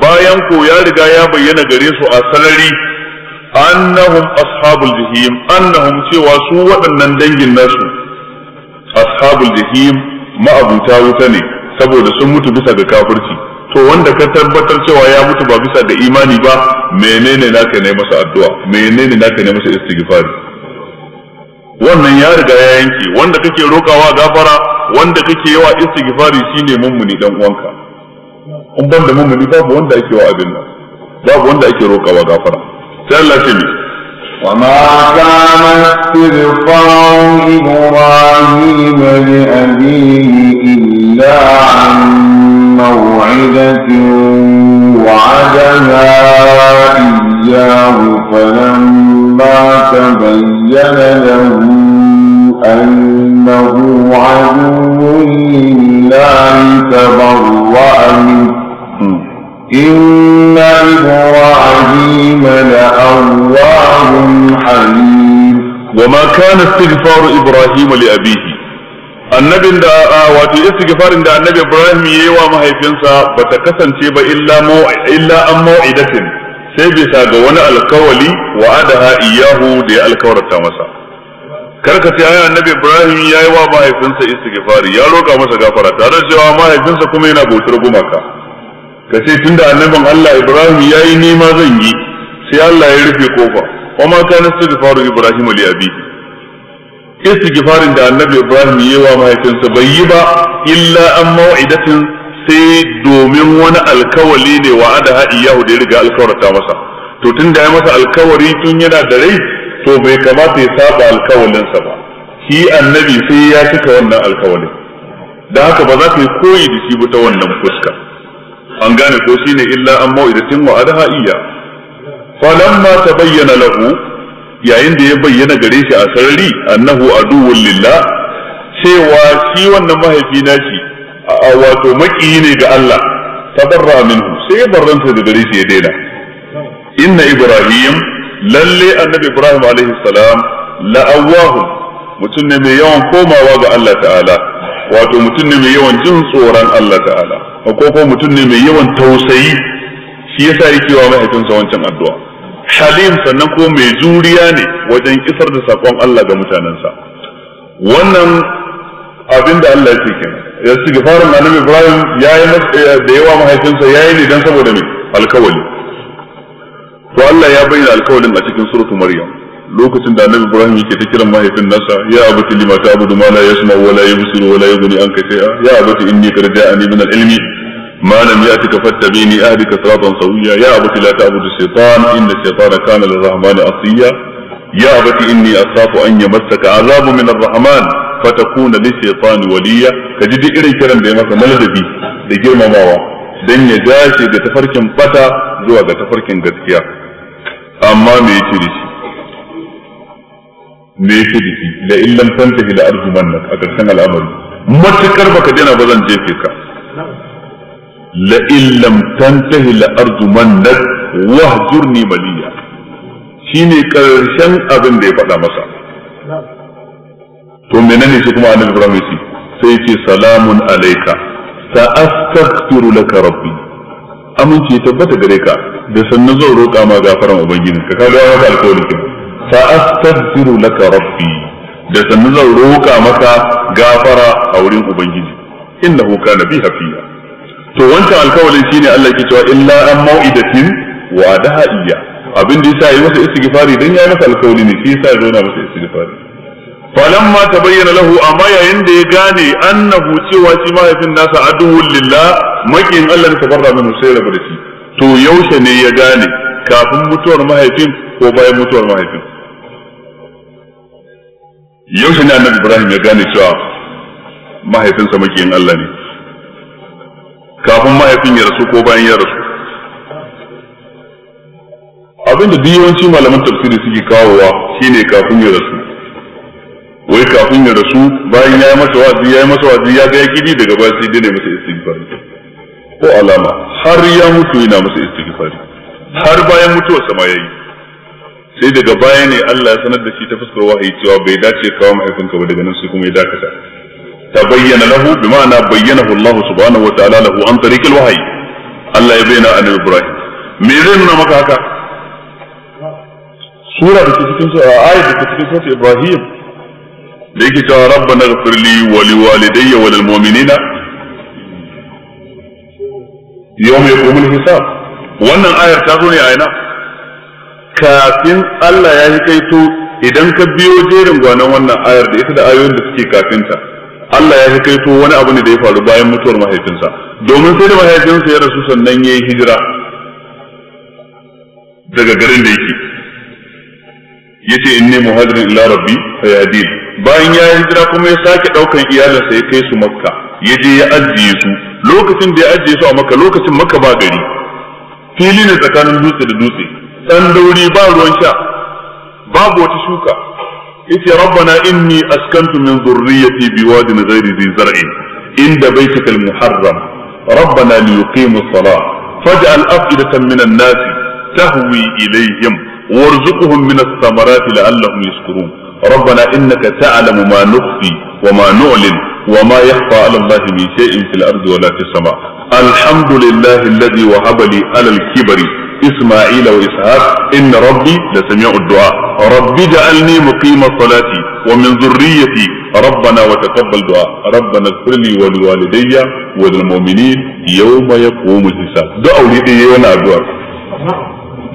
bayan ko ya riga ya bayyana gare su a sarari annahum ashabul jahim annahum cewa su waɗannan dangin nasu ashabul jahim ma'abuta wuta ne saboda sun mutu bisa ga kafirci to wanda ka tabbatar cewa ya mutu ba bisa da imani ba menene naka ne masa addu'a menene naka ne masa istighfari wannan ya riga ya yanke wanda kake rokawa gafara wanda kake yawa istighfari shine mummuni dan uwanka in ban da mummuni babu wanda ake wa abin nan babu wanda ake rokawa gafara sai Allah wa ma kana tirfa'u ibrahim li abihi illa an موعدة وعدها iyyahu فلما فلما تبين له أنه عدو لله تبرأ منه إن إبراهيم لأواه حليم وما كان استغفار إبراهيم لأبيه annabin da a wato istighfarin da annabi Ibrahim yayi wa mahaifinsa bata kasance ba illa illa an mau'idatin sai bisa ga wani alkawali adaha iyahu da ya alkawarta masa karka ce ayi annabi Ibrahim yayi wa mahaifinsa istighfari ya roka masa gafara tare da cewa mahaifinsa kuma yana bautar gumaka ka ce tunda annabin Allah Ibrahim yayi nima zan yi sai Allah ya rufe kofa wa ma kana istighfaru Ibrahim li abi istighfarin da annabi Ibrahim yayi wa mahaifinsa bai yi ba illa an mau'idatin sai domin wani alkawali ne wa ada ha iyahu da ya riga alkawarta masa to tun da ya masa alkawari tun yana da rai to bai kamata ya saba alkawalinsa ba shi annabi sai ya cika wannan alkawali. da haka ba za ka yi koyi da shi ba ta wannan fuska an gane ko shine illa an tun wa falon iya falamma bayyana lahu yayin da ya bayyana gare shi a sarari annahu aduwwul lillah cewa shi wannan mahaifi na shi wato makiyi ne ga Allah tabarra minhu sai ya barranta da gare shi ya daina inna ibrahim lalle annabi ibrahim alaihi salam la'awahu mutum ne mai yawan komawa ga Allah ta'ala wato mutum ne mai yawan jin tsoron Allah ta'ala ko ko mutum ne mai yawan tausayi shi yasa yake wa mahaifinsa wancan addu'a halim sannan ko mai juriya ne wajen kisar da sakon Allah ga mutanensa wannan Allah Allah yake kenan ya ci gifarin annabi ibrahim ya yi eh, da yawa mahaifinsa ya yi ne don saboda mai alkawali to allah ya bayyana alkawalin a cikin suratu maryam lokacin da annabi ibrahim yake ta kiran mahaifin nasa ya abati lima ta'budu ma la yasma wa la yubsiru wa la yughni anka shay'a ya abati inni qad ja'ani min al-ilmi ما لم يأتك فاتبعني أهدك صراطا سويا يا أبت لا تعبد الشيطان إن الشيطان كان للرحمن عصيا يا أبت إني أخاف أن يمسك عذاب من الرحمن fatakuna li shaytani waliya ka ji duk irin kiran da ya masa maladabi da girmamawa dan ya dace da tafarkin fata zuwa ga tafarkin gaskiya amma me yake da shi me yake da shi la illam tantahi la arjumannak a karshen al'amari matukar baka dena ba zan jefe ka la illam tantahi la arjumannak wahjurni maliya shine karshen abin da ya faɗa masa to menene shi kuma annabi Ibrahim yace sai ce salamun alayka sa astaghfiru laka rabbi amince tabbata gare ka da sannan zan roƙa ma gafaran ubangiji ka kaga wani alƙawari kin sa astaghfiru laka rabbi da sannan zan roƙa maka gafara a wurin ubangiji innahu kana bi hafiya to wancan alƙawarin shine Allah ke cewa illa an mau'idatin wa da'iya abin da yasa yi masa istighfari dan ya masa alƙawari ne shi yasa ya masa falamma bayyana lahu amma yayin da ya gane annahu cewa shi mahaifin nasa aduwwul lillah makin Allah ne tabarra min sai rabu da shi to yaushe ne ya gane kafin mutuwar mahaifin ko bayan mutuwar mahaifin yaushe ne annabi Ibrahim ya gane cewa mahaifinsa makiyin Allah ne kafin mahaifin ya rasu ko bayan ya rasu abinda duk yawanci malaman tafsiri suke kawowa shine kafin ya rasu wai kafin ya rasu bayan ya yi masa wazi ya yi masa wazi ya ga ya gidi daga baya sai dai ne masa istighfari ko alama har ya mutu yana masa istighfari har bayan mutuwar sama yayi sai daga baya ne Allah ya sanar da shi ta fuskar wahayi cewa bai dace kawo mahaifinka ba daga nan sai kuma ya dakata Ta bayyana lahu ma'ana bayyanahu Allah subhanahu wa ta'ala lahu an tariqil wahayi. Allah ya bayyana annabi Ibrahim me zai nuna maka haka sura da ke cikin ayat da ke cikin sura Ibrahim da yake cewa rabbana ighfir li wa li walidayya wa lil mu'minina yawm yaqumul hisab wannan ayar ta zo ne a ina kafin Allah ya kaito idan ka biyo jerin gwanan wannan ayar da ita da ayoyin da suke kafinta Allah ya yi kaito wani abu ne da ya faru bayan mutuwar mahaifinsa domin sai da mahaifinsa ya rasu sannan ya yi hijira daga garin da yake yace inni muhajirin ila rabbi fayadil bayan ya hijira kuma ya sake daukan iyalinsa ya kai su makka ya je ya ajiye su lokacin da ya ajiye su a makka lokacin makka ba gari fili ne tsakanin dutse da dutse dan dauri ba ruwan sha babu wata shuka yace rabbana inni askantu min dhurriyyati biwadin ghairi dhi zar'in inda baytikal muharram rabbana liyuqimu as-salah faj'al afidatan min an-nas tahwi ilayhim warzuqhum min ath-thamarati la'allahum ربنا إنك تعلم ما نخفي وما نعلن وما يخفى على الله من شيء في الأرض ولا في السماء الحمد لله الذي وهب لي على الكبر إسماعيل وإسحاق إن ربي لسميع الدعاء رب اجعلني مقيم الصلاة ومن ذريتي ربنا وتقبل دعاء ربنا اغفر لي ولوالدي وللمؤمنين يوم يقوم الحساب دعوا لي وانا أدعاء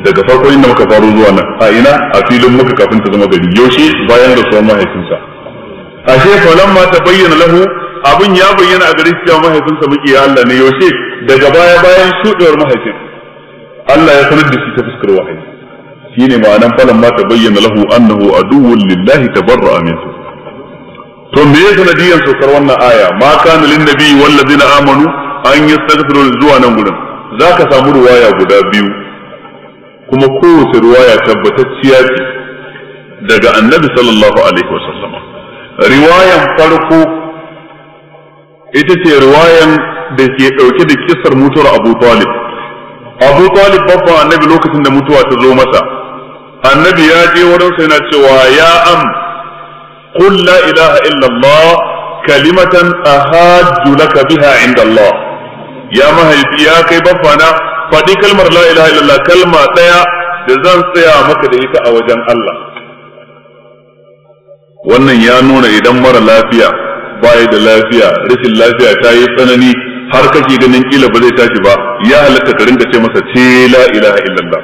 daga farko inda muka faro zuwa nan a ina a filin muka kafin ta zama gari yaushe bayan da tsohon mahaifinsa ashe falamma ta bayyana lahu abin ya bayyana a gare shi cewa mahaifinsa muke Allah ne yaushe daga baya bayan shudewar mahaifin Allah ya sanar da shi ta fuskar wahayi shine ma'anan falan ma bayyana lahu annahu aduwwun lillahi tabarra'a minhu to me ya sanadiyan saukar wannan aya ma kana lin nabi wal ladina amanu an yastaghfiru zuwa nan gurin zaka samu ruwaya guda biyu kuma kowace riwaya tabbatacciya ce daga annabi sallallahu alaihi wasallam riwayan farko ita ce riwayan da ke ɗauke da kisar mutuwar Abu Talib Abu Talib babba annabi lokacin da mutuwa ta zo masa annabi ya je wurin sa yana cewa ya am qul la ilaha illa Allah kalimatan ahajju laka biha inda Allah ya mahaifi ya kai babba na faɗi kalmar la ilaha illallah kalma ɗaya da zan tsaya maka da ita a wajen Allah wannan ya nuna idan mara lafiya baya da lafiya rashin lafiya ta yi tsanani har kake ganin kila ba zai tashi ba ya halatta ka rinka ce masa ce la ilaha illallah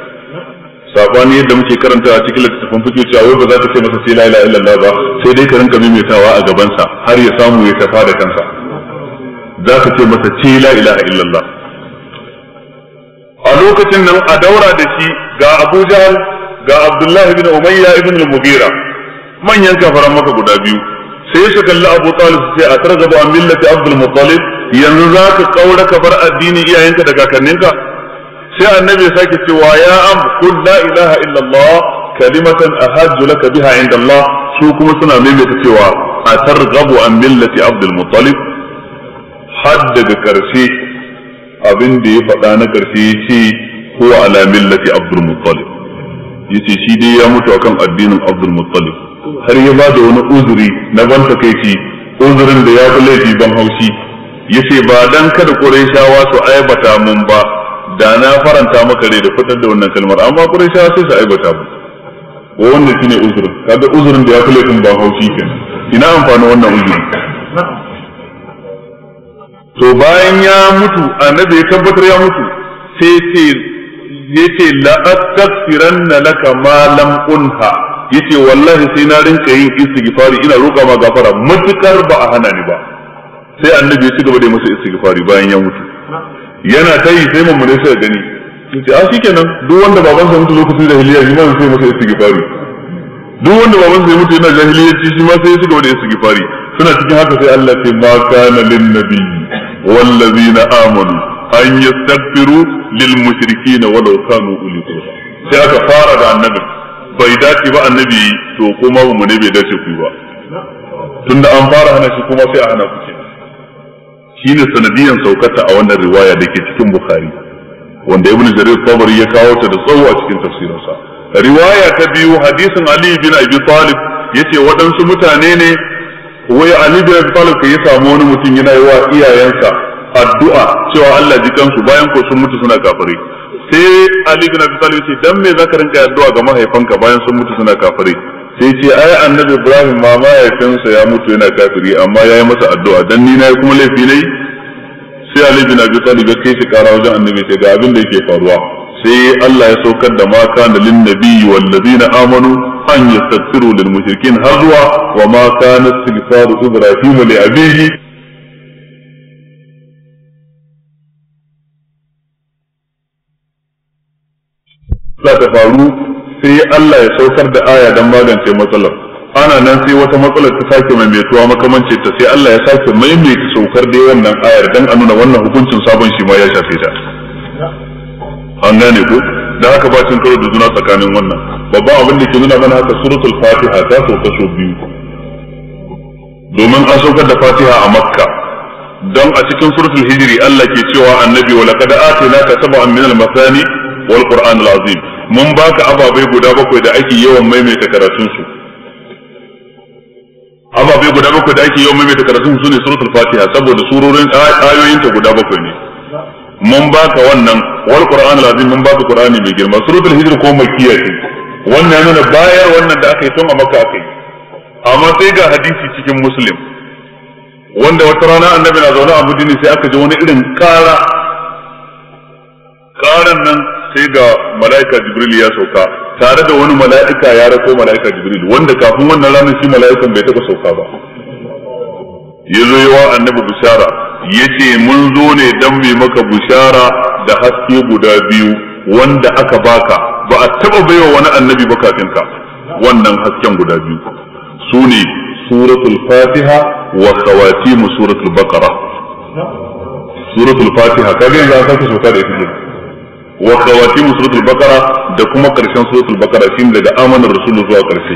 sabani yadda muke karanta a cikin littattafan fiqh cewa wai ba za ka ce masa ce la ilaha illallah ba sai dai ka rinka maimaitawa a gaban sa har ya samu ya tafa da kansa za ka ce masa ce la ilaha illallah a lokacin nan a daura da shi ga Abu Jahl ga Abdullah ibn Umayya ibn al-Mughira manyan kafaran maka guda biyu sai su kalli Abu Talib sai a targaba an millati Abdul Muttalib yanzu za ka kaura ka bar addinin iyayenka da kakanninka sai annabi ya sake cewa ya am kul la ilaha illallah kalimatan ahajju laka biha inda Allah su kuma suna maimaita cewa a targabu an millati Abdul Muttalib har daga karshe abin da ya faɗa na ƙarshe ya ce ko ala millati abdul muttalib ya ce shi dai ya mutu akan addinin abdul muttalib har ya ba da wani uzuri na ban takaici uzurin da ya fi laifi ban haushi ya ce ba dan kada ƙurayshawa su aibata mun ba da na faranta maka rai da fitar da wannan kalmar amma ƙurayshawa sai su aibata mu wannan shine uzurin kaga uzurin da ya fi laifin ban haushi kenan ina amfani wannan uzurin to bayan ya mutu annabi ya tabbatar ya mutu sai ce yace la astaghfiranna laka ma lam unha yace wallahi sai na rinka yin istighfari ina roƙa ma gafara mutukar ba a hana ni ba sai annabi ya cigaba gaba da masa istighfari bayan ya mutu yana ta yi mun mamune sai gani yace a ah, shikenan duk wanda baban sa mutu lokacin jahiliya shi ma sai masa istighfari duk wanda baban sa mutu yana jahiliya shi ma sai ya cigaba gaba da istighfari suna cikin haka sai Allah sai ma kana lin nabiyyi والذين آمنوا أن يستغفروا للمشركين ولو كانوا أولي قربى sai aka fara da annabi bai dace ba annabi to kuma mu ne bai dace ku ba tunda an fara hana shi kuma sai a hana ku ce shine sanadiyan saukata a wannan riwaya da ke cikin bukhari wanda ibn jarir tabari ya kawo ta da tsawo a cikin tafsirinsa riwaya ta biyu hadisin ali bin abi talib yace waɗansu mutane ne wai ali da talaka ya samu wani mutum yana yi wa iyayensa addu'a cewa Allah ji kansu bayan ko sun mutu suna kafare sai ali bin abi talib ce dan me zaka rinka addu'a ga mahaifanka bayan sun mutu suna kafare sai ce ai annabi ibrahim ma mahaifinsa ya mutu yana kafiri amma yayi masa addu'a dan ni na kuma laifi nayi sai ali bin abi talib ya kai shi kara wajen annabi sai ga abin da yake faruwa sai Allah ya saukar da maka na lin nabi wal ladina amanu an yastaghfiru lil mushrikin har zuwa wa ma kana istighfaru ibrahim li abihi la ta faru sai Allah ya saukar da aya dan magance matsalar ana nan sai wata matsalar ta sake mai metuwa makamance ta sai Allah ya sake maimaita saukar da wannan ayar dan a nuna wannan hukuncin sabon shi ma ya shafe ta an gane ko da haka ba cin karo da juna tsakanin wannan babban abin da ke nuna mana haka suratul fatiha ta sauka so biyu domin an saukar da fatiha a makka don a cikin suratul hijri Allah ke cewa annabi wa laqad ka sab'an min al-masani wal qur'an al-azim mun baka ababai guda bakwai da ake yawan maimaita karatun su ababai guda bakwai da ake yawan maimaita karatun su ne suratul fatiha saboda surorin ta guda bakwai ne mun baka wannan wal qur'an lazim mun baka qur'ani mai girma suratul hijr ko makkiya ce wannan ya nuna bayar wannan da aka yi tun a makka aka yi amma sai ga hadisi cikin muslim wanda wata rana annabi na zaune a madina sai aka ji wani irin kara karan nan sai ga mala'ika jibril ya sauka tare da wani mala'ika ya rako mala'ika jibril wanda kafin wannan ranar shi mala'ikan bai taba sauka ba ya zo yawa annabi bishara yace mun zo ne dan mai maka bushara da haske guda biyu wanda aka baka ba a taba baiwa wani annabi ba kafin ka wannan hasken guda biyu su ne suratul fatiha wa khawatimu suratul baqara suratul fatiha kaga yanzu an sake sauka da ita wa khawatimu suratul baqara da kuma karshen suratul baqara shin daga amanar rasul zuwa karshe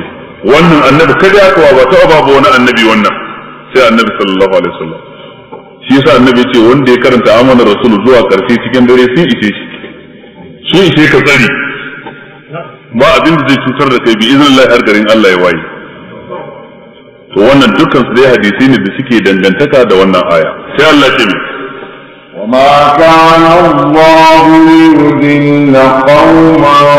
wannan annabi kada ya kawo ba ta ba wani annabi wannan sai annabi sallallahu alaihi wasallam shi yasa annabi ce wanda ya karanta amana rasul zuwa karshe cikin dare sun ishe shi sun ishe ka tsari ba abin da zai cutar da kai bi Allah har garin Allah ya waye to wannan dukkan su dai hadisi ne da suke dangantaka da wannan aya sai Allah ce mai وما كان الله ليضل قوما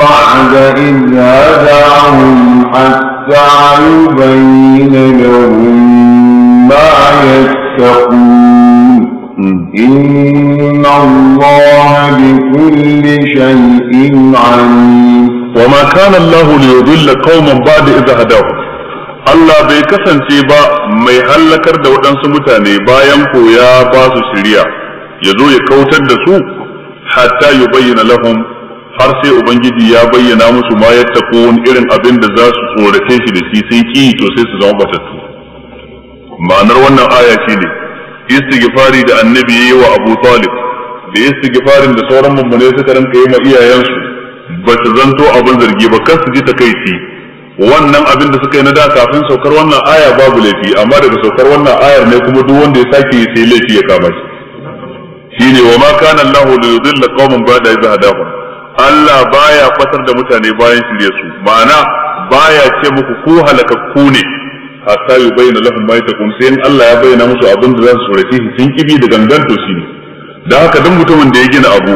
بعد إذ هداهم حتى يبين لهم ما يتقون يتقون إن الله بكل شيء عليم وما كان الله ليضل قوما بعد إذا هداهم Allah bai kasance ba mai hallakar da waɗansu mutane bayan koya ba su shirya ya zo ya kautar da su hatta ya bayyana lahum har sai ubangiji ya bayyana musu ma yattaqun irin abin da za su tsorace shi da shi sai ki to sai su zama batattu ma'anar wannan aya shine istighfari da annabi yayi wa Abu Talib da istighfarin da sauran mummune suka rinka yi ma iyayensu ba su zanto abin zargi ba kar su ji takaici wannan abin da suka yi na da kafin saukar wannan aya babu laifi amma daga saukar wannan ayar ne kuma duk wanda ya sake yi sai laifi ya kama shi shine wa ma kana Allah li yudilla qauman ba'da idh hadahum Allah baya fatar da mutane bayan shirye su ma'ana baya ce muku ku halakakku ne hatta bayyana lahum ma yatakun sai in Allah ya bayyana musu abin da za su tsorace shi sun kibi da gangan to ne. da haka duk mutumin da ya gina abu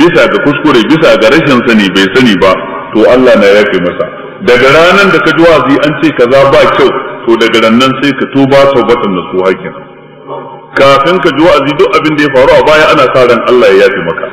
bisa ga kuskure bisa ga rashin sani bai sani ba to Allah na yafe masa daga ranan da ka ji wazi an ce kaza ba kyau to daga rannan sai ka tuba taubatan nasuha kenan kafin ka ji wa'azi duk abin da ya faru a baya ana sa ran Allah ya yafe maka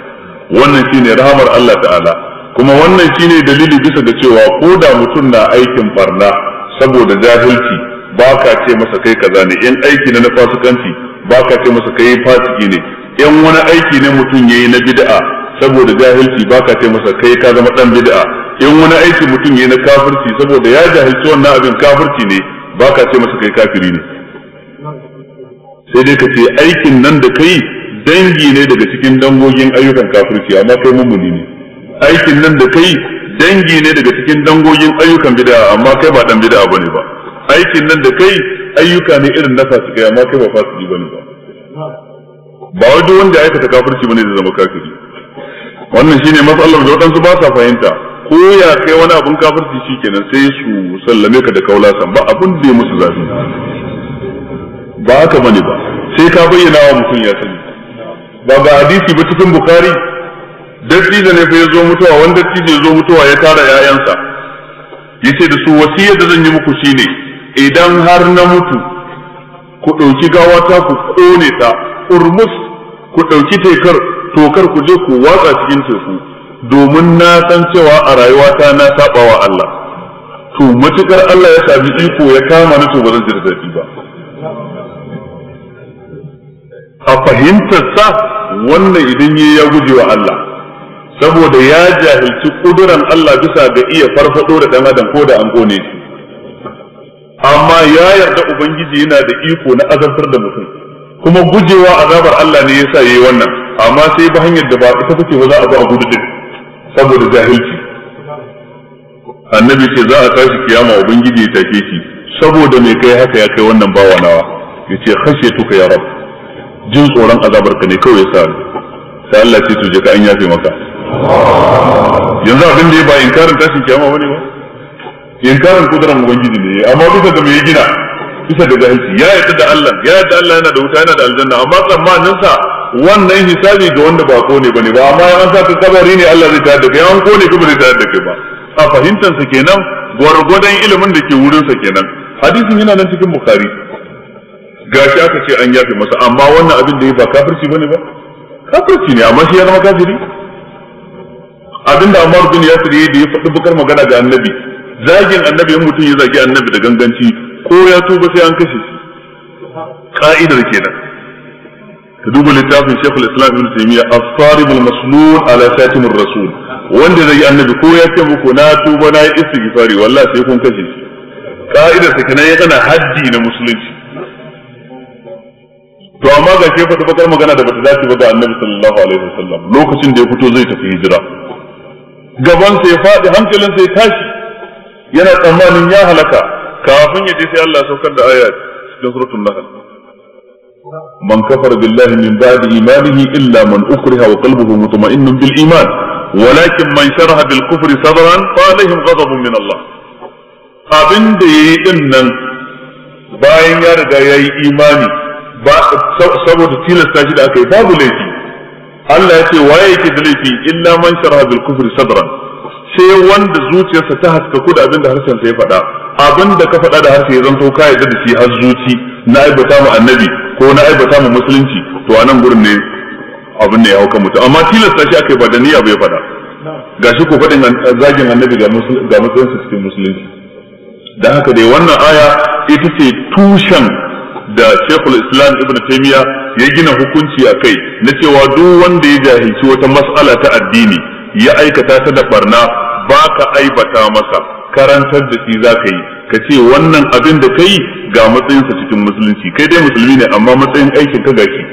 wannan shine rahamar Allah ta'ala kuma wannan shine dalili bisa ga cewa ko da mutum na aikin barna saboda jahilci ba ka ce masa kai kaza ne in aiki ne na fasikanci ba ka ce masa kai fasiki ne in wani aiki ne mutum yayi na bid'a saboda jahilci ba ka ce masa kai ka zama dan bid'a in wani aiki mutum yayi na kafirci saboda ya jahilci wannan abin kafirci ne ba ka ce masa kai kafiri ne sai dai ka ce aikin nan da kai dangi ne daga cikin dangogin ayyukan kafirci amma kai mummuni ne aikin nan da kai dangi ne daga cikin dangogin ayyukan bid'a amma kai ba dan bid'a bane ba aikin nan da kai ayyuka ne irin na fasiki amma kai ba fasiki bane ba ba wai duk wanda ya aikata kafirci bane zai zama kafiri wannan shine matsalar da wadansu ba sa fahimta ko ya kai wani abun kafirci shikenan sai su sallame ka da kaulasan ba abun da ya musu zafi ba haka bane ba sai ka bayyana wa mutum ya sani ba ga hadisi ba cikin bukari dattijo ne fa ya zo mutuwa wani dattijo ya zo mutuwa ya tara ƴaƴansa yace da su wasiyar da zan yi muku shine idan har na mutu ku ɗauki gawata ku kone ta urmus ku ɗauki tekar tokar ku je ku watsa cikin teku domin na san cewa a rayuwata na saba wa Allah to matukar Allah ya sami iko ya kama ni to ba zan ji daɗi ba a fahimtar sa wannan idan ya guje wa Allah saboda ya jahilci kuduran Allah bisa ga iya farfado da dan adam ko da an gone shi amma ya yarda ubangiji yana da iko na azabtar da mutum kuma gujewa azabar Allah ne yasa yayi wannan amma sai ba hanyar da ba ita take ba za a zo a gudu din saboda jahilci annabi ce za a tashi kiyama ubangiji ya take shi saboda me kai haka ya kai wannan bawa nawa yace khashiyatuka ya rab jin tsoron azabar ka ne kawai sa sai Allah ce to je ka an yafe maka yanzu abin da ya ba inkarin tashin kiyama wani ba inkarin kuduran ubangiji ne amma bisa ga mai gina bisa ga jahilci ya yarda da Allah ya yarda Allah yana da wuta yana da aljanna amma tsammanin sa wannan hisabi ga wanda ba ko ne bane ba amma an sa ka kabari ne Allah zai tayar da kai an ko ne kuma zai tayar da kai ba a fahimtar sa kenan gwargwadon ilimin da ke wurin sa kenan hadisin yana nan cikin bukhari gashi aka ce an yafe masa amma wannan abin da ya ba kafirci bane ba kafirci ne amma shi ya zama kafiri abinda Ammar bin Yasir yayi da ya faɗi bukar magana ga Annabi zagin Annabi in mutum ya zagi Annabi da ganganci ko ya tuba sai an kashe shi ka'idar kenan ka duba littafin Sheikhul Islam Ibn Taymiyyah As-Sarib al-Maslul ala Satim rasul wanda zai Annabi ko ya ce muku na tuba na yi istighfari wallahi sai kun kashe shi ka'idar sa kenan ya kana haddi na musulunci to amma ga ke faɗi bakar magana da bata dace ba ga annabi sallallahu alaihi wasallam lokacin da ya fito zai tafi hijira gabansa ya faɗi hankalinsa ya tashi yana tsammanin ya halaka kafin ya je sai Allah saukar da aya cikin suratul nahl man kafara billahi min ba'di imanihi illa man ukriha wa qalbuhu mutma'innun bil iman walakin man sharaha bil kufri sadran fa alaihim ghadabun min Allah abin da yayi din nan bayan ya riga yayi imani ba saboda tilasta shi da aka yi babu laifi Allah ya ce waye yake da laifi illa man sharaha bil kufri sadran sai wanda zuciyarsa ta haska ku da abinda harshen sa ya faɗa abinda ka faɗa da harshe ya zanto ka yadda da shi har zuci na aibata mu annabi ko na aibata mu musulunci to anan gurin ne abin ne ya hauka mutu amma tilasta shi yi ba da niyya ya faɗa gashi ko faɗin zagin annabi ga ga matsayinsa cikin musulunci dan haka dai wannan aya ita ce tushen da Sheikhul Islam Ibn Taymiya ya gina hukunci a kai na cewa duk wanda ya jahilci wata mas'ala ta addini ya aikata ta da barna ba ka aibata masa karantar da shi za ka yi ka ce wannan abin da ka yi ga matsayinsa cikin musulunci kai dai musulmi ne amma matsayin aikin ka gashi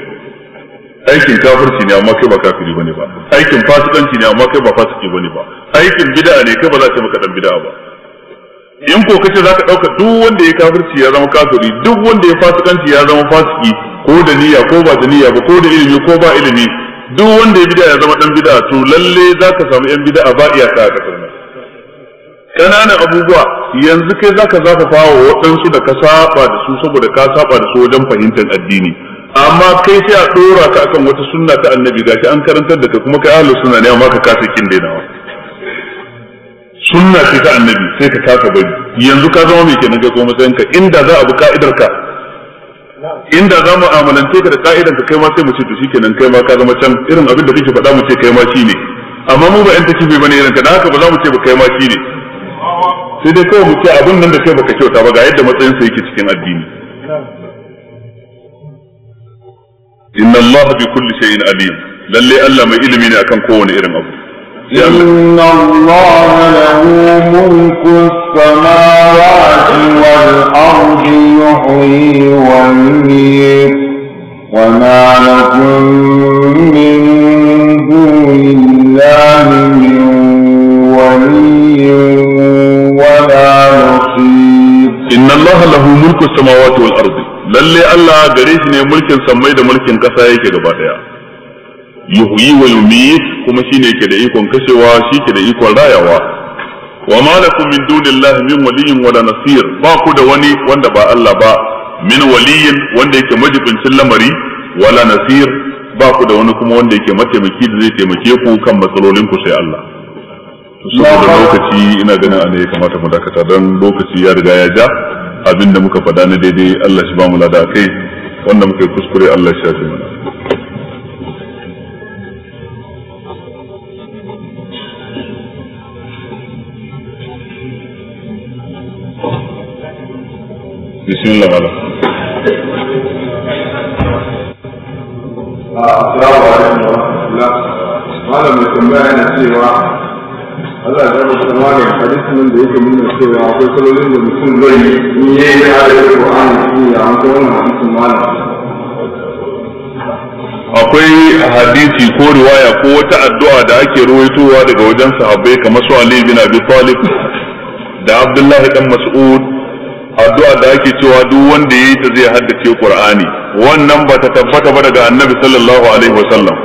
aikin kafirci ne amma kai ba kafiri bane ba aikin fasikanci ne amma kai ba fasiki bane ba aikin bid'a ne kai ba za ka maka dan bid'a ba in ko kace zaka dauka duk wanda ya kafirci ya zama kafiri duk wanda ya fasikanci ya zama fasiki ko da niyya ko ba da niyya ba ko da ilimi ko ba ilimi duk wanda ya bid'a ya zama dan bid'a to lalle zaka samu yan bid'a ba iya ka ka kananan abubuwa yanzu kai zaka fa wa waɗansu da ka saba da su saboda ka saba da su wajen fahimtar addini amma kai sai a dora ka akan wata sunna ta annabi gashi an karantar da kai kuma kai ahlus sunna ne amma ka kasa kin dainawa sunna ce ta annabi sai ka kasa bari yanzu ka zama mai kenan ga matsayin ka inda za a bi ka'idar ka inda za mu amalance ka da ka'idan ka kai ma sai mu ce to shikenan kai ma ka zama can irin abin da kake faɗa mu ce kai ma shi ne amma mu ba yan ta bai bane irin ka da haka ba za mu ce ba kai ma shi ne sai dai kawai mu ce abin nan da kai baka kyauta ba ga yadda matsayin sa yake cikin addini inna allaha bi kulli shay'in alim lalle Allah mai ilimi ne akan kowane irin abu إن الله له ملك السماوات والأرض يحيي ويميت وما لكم من دون الله من ولي ولا نصير إن الله له ملك السماوات والأرض kuma shine ke da ikon kashewa shi ke da ikon rayawa wa ma lakum min dunillahi min waliyyin wala nasir ba ku da wani wanda ba Allah ba min waliyyin wanda yake majibincin lamari wala nasir ba ku da wani kuma wanda yake mataimaki da zai taimake ku kan matsalolin ku sai Allah saboda lokaci ina ganin an ya kamata mu dakata dan lokaci ya riga ya ja abinda muka faɗa na daidai Allah shi ba mu lada kai wanda muka kuskure Allah shi ya mana bismillah malam ah, assalamu alaikum wa rahmatullah malam mai tambaya yana cewa Allah ya zama kuma ne hadisin nan da yake nuna cewa akwai kalolin da mutum zai yi in yayi da ayar Qur'ani shi ya an kuma wannan hadisin malam akwai hadisi ko riwaya ko wata addu'a da ake ruwaitowa daga wajen sahabbai kamar su Ali bin Abi Talib da Abdullahi dan Mas'ud addu'a da ake cewa duk wanda yayi ta zai haddace Qur'ani wannan ba ta tabbata ba daga Annabi sallallahu alaihi wasallam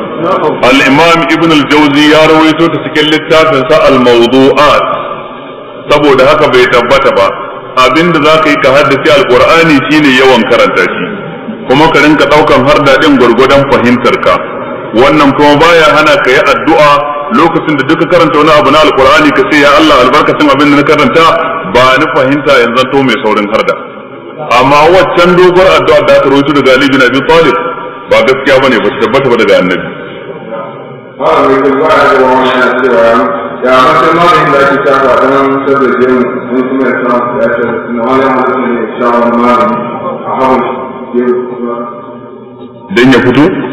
al-Imam Ibn al-Jawzi ya rawaito ta cikin littafin sa al-Mawdu'at saboda haka bai tabbata ba abinda zaka yi ka haddace al-Qur'ani shine yawan karanta shi kuma ka rinka daukan har dadin gurgudan fahimtar ka wannan kuma baya hana ka yi addu'a lokacin da duka karanta wani abu na alkur'ani ka ce ya Allah albarkacin abin da na karanta ba ni fahimta yanzu to mai saurin harda amma waccan dogon addu'a da ta rawaito daga Ali bin Abi Talib ba gaskiya bane ba tabbata ba daga annabi ba mai kuma da wani yana cewa ya mace ma da inda ake shafa a nan da jirin wani kuma ya samu ya ce na wani mutum ne shawar malam a hawan jirin kuma dan ya fito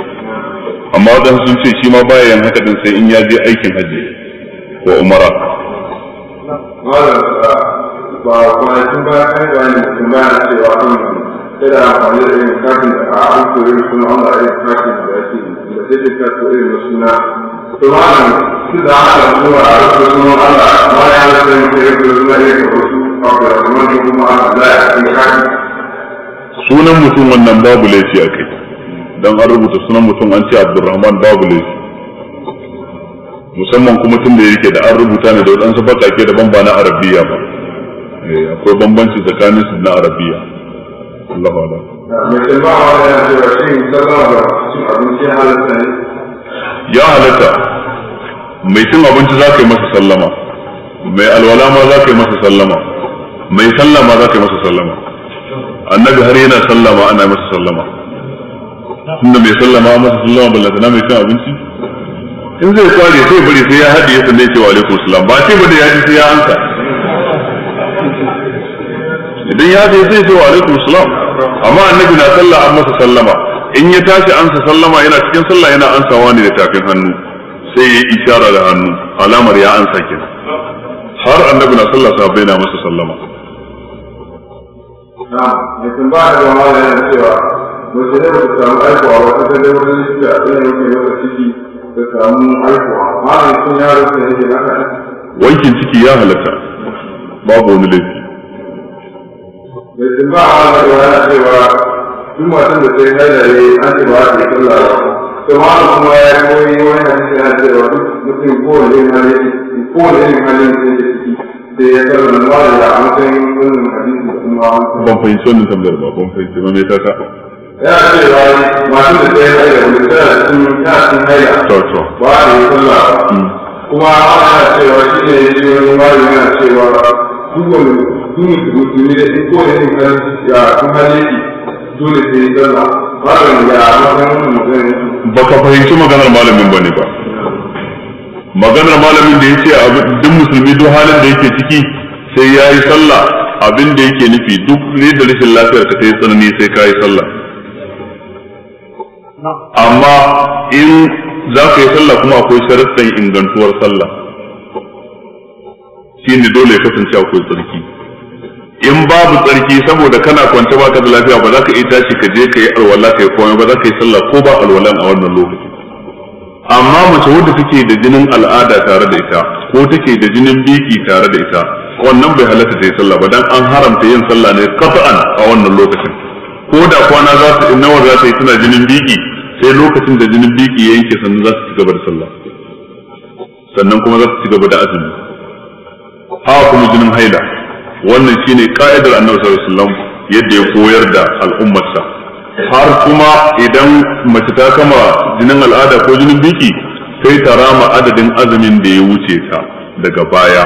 amma wadansu sun ce shi ma baya yin haka din sai in ya je aikin haji ko umara ba kwanakin ba ai ba ne sun ba na cewa an tsira amfani da irin kafin a an koyi suna an da irin kafin da yake da zai jika ko irin na suna to ma nan su da aka zuwa a rufe suna an da ma ya rufe ne irin da suna irin da wasu abu da kuma ne kuma an da ya yi kafin sunan mutum wannan babu laifi a kai dan an rubuta sunan mutum an ce Abdulrahman babu musamman kuma tun da yake da an rubuta ne da wadansu bakake daban ba na arabiya ba eh, akwai bambanci tsakanin su na arabiya Allah ba ya halatta mai cin abinci za ka yi masa sallama mai alwala ma za ka yi masa sallama mai sallama za ka yi masa sallama annabi har yana sallama ana masa sallama tunda mai sallama masa sallama ballata na mai cin abinci in zai kware sai bari sai ya haɗe ya sanne cewa alaikum salam ba sai bari ya ji sai ya ansa idan ya ce sai cewa alaikum salam amma annabi na sallah an masa sallama in ya tashi ansa sallama yana cikin sallah yana ansawa ne da tafin hannu sai ya ishara da hannu alamar ya ansa kenan har annabi na sallah bai na masa sallama na'am da tambaya da wani yana cewa wace ne ba samu aikuwa ba ta zai wurin likita a tsayin yake masa ciki ta samu aikuwa malam sun yaro ta yake haka wankin ciki ya halatta babu wani laifi da jama'a ma da wani cewa duk matan da sai hailaye an ce ba a ce sallah ba to malam kuma ya koyi wani hadisi na cewa duk mutum kowane yin hali kowane yin hali ciki ban fahimci wannan tambayar ba ban fahimci ba mai taka ya ba masu da ta yi haila wani tana cikin ya cikin haila ba a yi kula kuma ana cewa shi ne ya ce wani mari yana cewa duk wani duk musulmi da duk wani ɗin kan ya kuma yake dole sai ba malam ya maganar maganar ba ka fahimci maganar malamin ba ne ba maganar malamin da ya ce duk musulmi duk halin da yake ciki sai ya yi sallah abin da yake nufi duk ne da rashin lafiyar ka ta yi tsanani sai ka yi sallah amma in za ka yi sallah kuma akwai sharaɗin ingantuwar sallah shi ne dole ya kasance akwai tsarki in babu tsarki saboda kana kwance baka da lafiya ba za ka iya tashi ka je ka yi alwala ka yi komai ba za ka yi sallah ko ba alwalan a wannan lokaci amma mace wadda take da jinin al'ada tare da ita ko take da jinin biki tare da ita wannan bai halatta ta yi sallah ba dan an haramta yin sallah ne kafa'an a wannan lokacin ko da kwana za ta nawa za ta yi tana jinin biki sai lokacin da jinin biki ya yanke sannan za su ci gaba da sallah sannan kuma za su ci gaba da azumi haka kuma jinin haila wannan shine ka'idar annabi sallallahu alaihi wasallam yadda ya koyar da al'ummarsa har kuma idan mace ta kama jinin al'ada ko jinin biki sai ta rama adadin azumin da ya wuce ta daga baya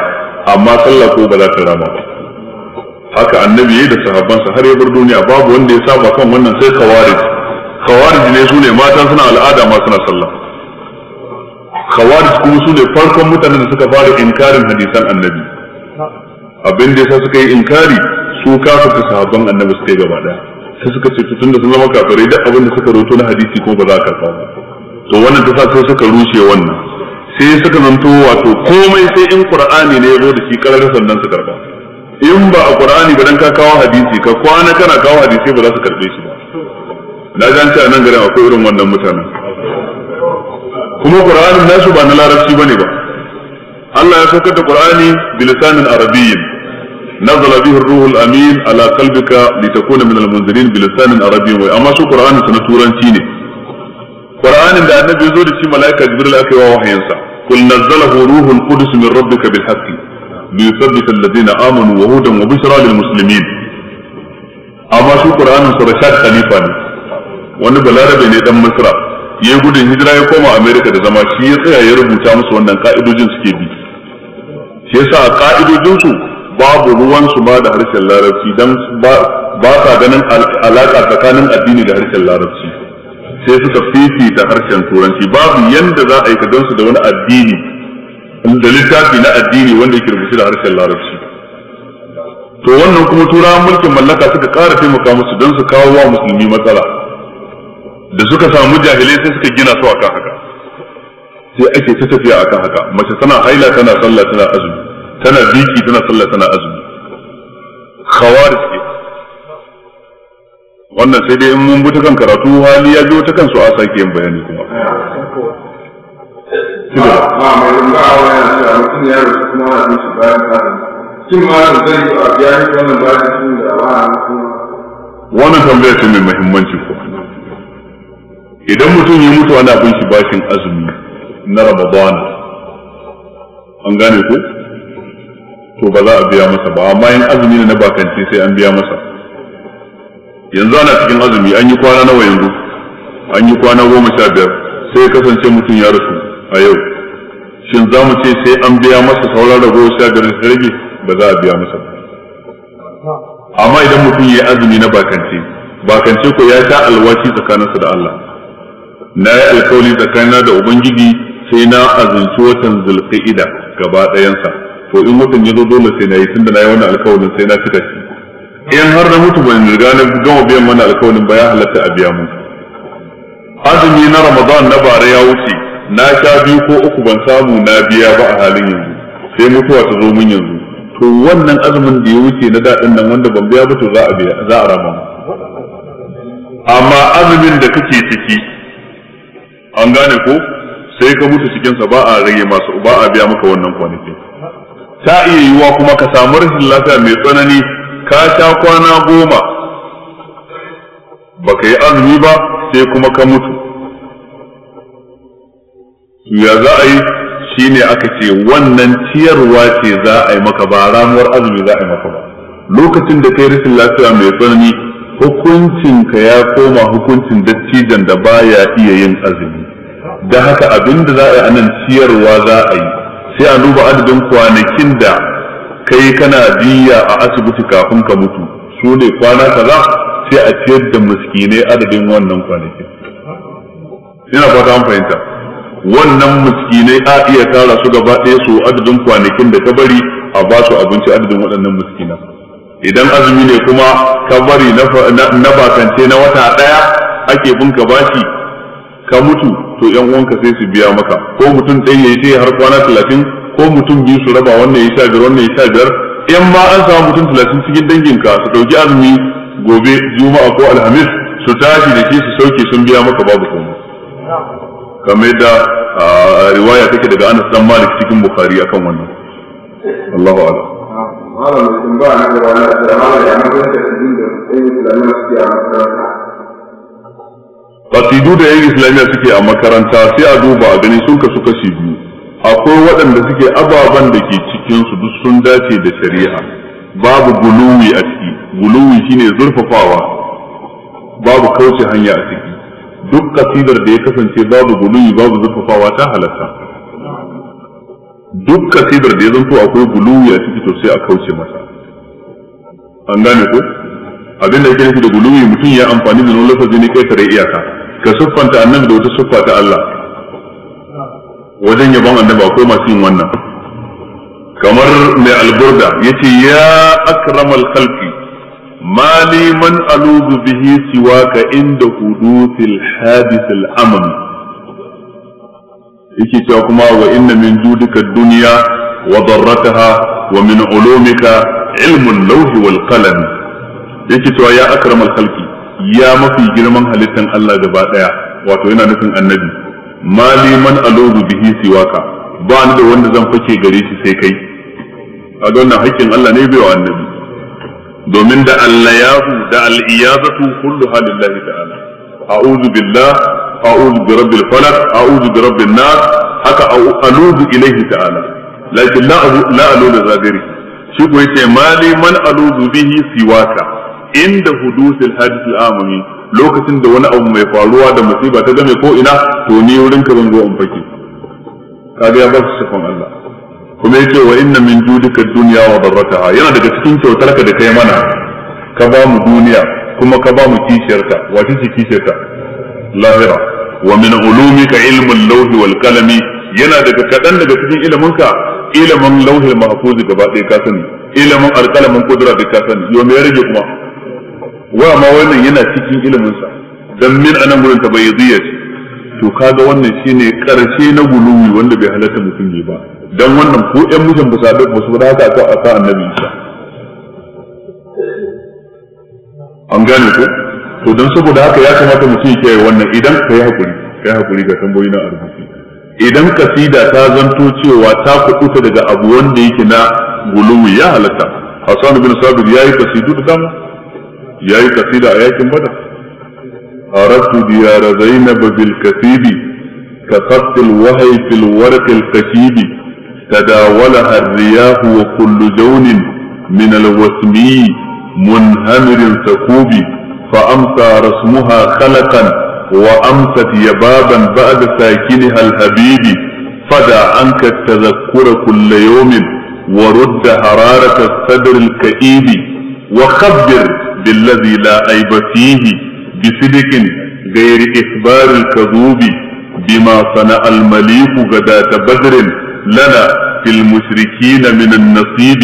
amma sallah ko ba za ta rama ba haka annabi da sahabbansa har ya bar duniya babu wanda ya saba kan wannan sai kawari khawarij ne su ne mata suna al'ada ma suna sallah khawarij kuma su ne farkon mutanen da suka fara inkarin hadisan annabi abin da yasa suka yi inkari su ta sahabban annabi suka yi gaba daya sai suka ce tun da sun zama kafirai duk abin da suka roto na hadisi ko ba za ka karɓa to wannan ta sa sai suka rushe wannan sai suka zanto wato komai sai in qur'ani ne ya zo da shi karar sannan su karba in ba a qur'ani ba dan ka kawo hadisi ka kwana kana kawo hadisi ba za su karbe shi ba na ji an ce a nan garin akwai irin wannan mutanen kuma ƙur'anin nasu ba na larabci نزل به الروح الامين على قلبك لتكون من المنذرين بلسان عربي وي اما شو قران سنتورانتي ني قران ده النبي يزور شي ملائكه جبريل اكي وحينسا قل نزله روح القدس من ربك بالحق ليثبت الذين امنوا وهدى وبشرى للمسلمين اما شو قران سرشاد خليفه wani balarabe ne dan misra ya yi gudun hijira ya koma america da zama shi ya tsaya ya rubuta musu wannan ka'idojin suke bi shi yasa a su babu ruwan su ma da harshen larabci dan ba sa ganin alaka tsakanin addini da harshen larabci sai suka da harshen turanci babu yanda za a yi ka gansu da wani addini da littafi na addini wanda yake rubuce da harshen larabci to wannan kuma turawan mulkin mallaka suka ƙara taimaka musu don su kawo wa musulmi matsala da suka samu jahilai sai suka gina su akan haka sai ake ta tafiya akan haka mace tana haila tana sallah tana azumi tana biki tana sallah tana azumi khawarij ke wannan sai dai in mun bi ta kan karatu hali ya biyo ta kan su a sake yin bayani kuma a da ya kuma bayan yi wannan bayan ba wannan tambaya ce mai muhimmanci kuma idan mutum ya mutu ana bin shi bashin azumi na ramadana an gane ku to ba za a biya masa ba amma yin azumi ne na bakanci sai an biya masa yanzu ana cikin azumi an yi kwana nawa yanzu an yi kwana goma sha biyar sai kasance mutum ya rasu a yau shin za mu ce sai an biya masa sauran goma sha biyar da rage ba za a biya masa ba amma idan mutum ya yi azumi na bakance bakance ko ya sha alwashi tsakaninsa da Allah na yi alkawali tsakanina da ubangiji sai na azunci watan zulqa'ida gaba ɗayansa to in watan ya zo dole sai na yi tunda na yi wannan alkawalin sai na cika shi in har na mutu ban riga na gama biyan mana alkawalin ba ya halatta a biya mu azumi na ramadan na bara ya wuce na sha biyu ko uku ban samu na biya ba a halin yanzu sai mutuwa ta zo min yanzu to wannan azumin da ya wuce na daɗin nan wanda ban biya ba to za a biya za a rama amma azumin da kake ciki an gane ko sai ka mutu cikin sa ba a rage masu ba a biya maka wannan kwanaki ta iya yiwuwa kuma ka samu rashin lafiya mai tsanani ka sha kwana goma baka yi azumi ba sai kuma ka mutu ya za a yi shi ne aka ce wannan ciyarwa ce za a yi maka ba ramuwar azumi za a yi maka ba lokacin da kai rashin lafiya mai tsanani Hukuncin ka ya koma hukuncin dattijan da baya iya yin azumi da haka abin da za a yi anan ciyarwa za a yi sai a duba adadin kwanakin da kai kana biya a asibiti kafin ka mutu su ne kwana kaza sai a ciyar da miskinai adadin wannan kwanakin ina fata an fahimta wannan miskinai a iya tara su gaba ɗaya su adadin kwanakin da ta bari a ba su abinci adadin waɗannan miskinan idan azumi ne kuma ka bari na bakance na wata ɗaya ake bin ka bashi ka mutu to yan uwanka sai su biya maka ko mutum ɗaya ya ce har kwana talatin ko mutum biyu su raba wannan ya sha biyar wannan ya sha biyar in ma an samu mutum talatin cikin danginka su ɗauki azumi gobe juma'a ko alhamis su tashi da ke su sauke sun biya maka babu kuma kamar yadda ah, riwaya take daga anas dan malik cikin bukhari akan wannan Allahu a'lam malam mai ba na gaba na da malam ya mutunta da cikin da ɗan islamiyya suke a makaranta kasidu da yan islamiyya suke a makaranta sai a duba a gani sun kasu kashi biyu akwai waɗanda suke ababen da ke cikinsu duk sun dace da shari'a babu guluwi a ciki guluwi shine zurfafawa babu kauce hanya a ciki duk kasidar da ya kasance babu guluwi babu zurfafawa ta halatta duk kasidar da ya zanto akwai guluwi a ciki to sai a kauce masa an gane ko abin da yake nufi da guluwi mutum ya amfani da wani lafazi ne kai tare iyaka ka siffanta annabi da wata siffa ta Allah wajen yabon annabi akwai masu yin wannan kamar mai alburda yace ya akramal khalqi ma man aludu bihi siwaka inda hudusil hadith al-amn yake cewa kuma wa inna min judika dunya wa darrataha wa min ulumika ilmun lawhi wal qalam yake cewa ya akramal khalqi ya mafi girman halittan Allah gaba daya wato yana nufin annabi mali man alubu bihi siwaka ba ni da wanda zan fake gare shi sai kai a wannan haƙƙin Allah ne bai wa annabi domin da allayahu da al'iyazatu kullu halillahi ta'ala a'udhu billah a'udhu bi rabbil falaq a'udhu bi rabbin nas haka aludu ilayhi ta'ala lakin la la aludu zadiri shi ko yace mali man aludu bihi siwaka inda hudusil hadith amami lokacin da wani abu mai faruwa da musiba ta zame ko ina to ni wurin ka zan zo in fake kaga ya ba shafan Allah kuma yace wa inna min judika dunya wa darrataha yana daga cikin kyautar ka da kai mana ka ba mu duniya kuma ka ba mu kishiyarta wace ce kishiyarta lahira wa min علم اللوح والقلم ينا دك yana daga kadan daga cikin iliminka ilimin lauhil mahfuz gaba ɗaya ka sani ilimin alqalamin kudura duk ka sani yo ya rage kuma wa ma wannan yana cikin ilimin sa dan min anan gurin tabayyidiyya to kaga wannan shine karshe na guluwi wanda bai halatta mutum yi ba dan wannan ko ɗan mutum ba sabe ba su da haka aka annabi an gane ko to don saboda haka ya kamata mutum ya kiyaye wannan idan ka yi hakuri ka yi hakuri ga tambayoyi na rubutu idan kasida ta zanto cewa ta kuɗuta daga abu wanda yake na guluwi ya halatta Hassan bin Sabir yayi kasidu da dama yayi kasida a yakin Badar أردت ديار زينب بالكثيب كخط الوهي في الورق الكثيب تداولها الرياح وكل لون من الوسمي منهمر ثقوب فأمسى رسمها خلقا وأمست يبابا بعد ساكنها الحبيب فدع عنك التذكر كل يوم ورد حرارة الصدر الكئيب وخبر بالذي لا عيب فيه بصدق غير إخبار الكذوب بما صنع المليك غداة بدر لنا في المشركين من النصيب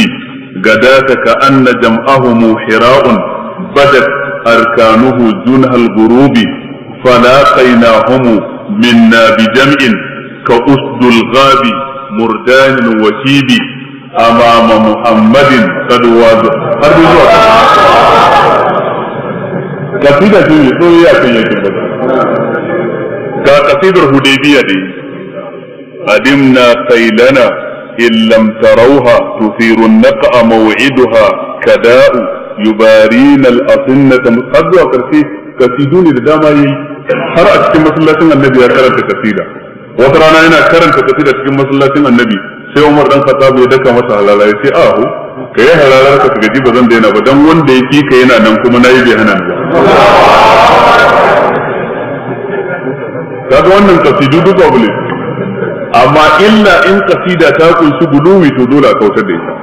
غداة كأن جمعهم حراء بدت أركانه دون الغروب فلاقيناهم منا بجمع كأسد الغاب مردان وشيب أمام محمد قد واضح kasida ce mai tsoyi a kan yankin gaza ga kasidar hudaybiya ne adimna kailana yubarina al-asinnata har zuwa karshe kasidu ne da dama yi har a cikin masallacin annabi ya karanta kasida wata rana yana karanta kasida cikin masallacin annabi sai Umar dan Khattab ya daka masa halala ya ce ahu ka yi halalar ka gaji ba zan daina ba dan wanda ya ka yana nan kuma nayi bai hana ba kaga wannan kasidu duk abu amma illa in kasida ta kunshi guduwi to dole a kautar da ita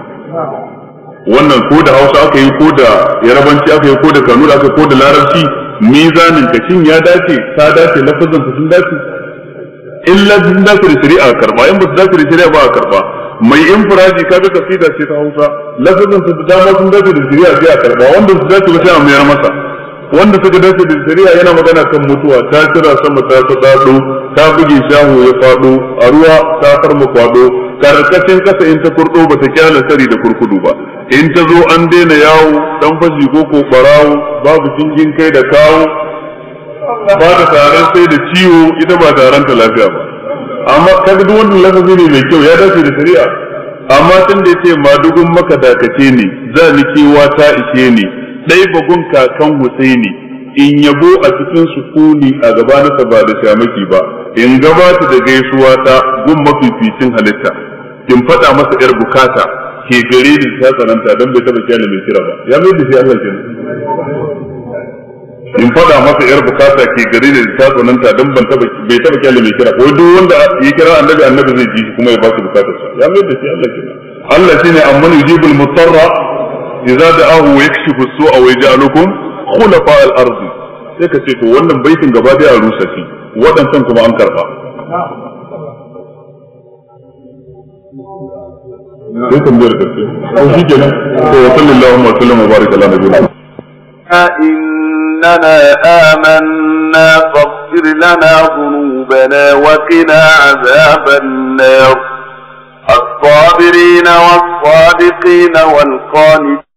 wannan ko da hausa aka yi ko da yarabanci aka yi ko da kanura aka ko da larabci mizanin ka shin ya dace ta dace lafazin ka sun dace in lafazin dace da shari'a karba in ba su dace da shari'a ba a karba mai infiraji ka ga kasida ce ta hausa lafazin su da dama sun dace da shari'a sai a karba wanda su dace ba sai a mayar masa wanda suka dace da shari'a yana magana kan mutuwa ta kira sama ta ta ta buge shahu ya fado a ruwa ta farma kwado karkashin kasa in ta kurdo ba ta kyala sari da kurkudu ba in ta zo an daina yawo dan fashi ko ko barawo babu jingin kai da kawo ba da taron sai da ciwo ita ba taron ta lafiya ba amma kaga duk wannan lafazi ne mai kyau ya dace da shari'a amma tun da yace madugun maka dakace ne za ni kewa ta ishe ni Ɗai bagun kakan Husaini in yabo a cikin sukuni a sa ba da shamaki ba in gabata da gaisuwa ta gun mafificin halitta kin faɗa masa yar bukata ke gare ni ta tsananta don bai taɓa kyale mai kira ba ya mai da shi Allah kenan in faɗa masa yar bukata ke gare ni ta tsananta don ban taba bai taɓa kyale mai kira wai duk wanda ya kira annabi annabi zai ji kuma ya ba shi sa, ya mai da shi Allah kenan Allah shine amman yujibul mutarra idza da'ahu wa yakshifu as-su'a wa yaj'alukum خلفاء الأرض سيكا سيكو ولن بيت قبادي على روسا في ودن تنكم عن كربا سيكم ديرك وصل اللهم وسلم وبارك على نبينا إننا آمنا فاغفر لنا ذنوبنا وقنا عذاب النار الصابرين والصادقين والقانتين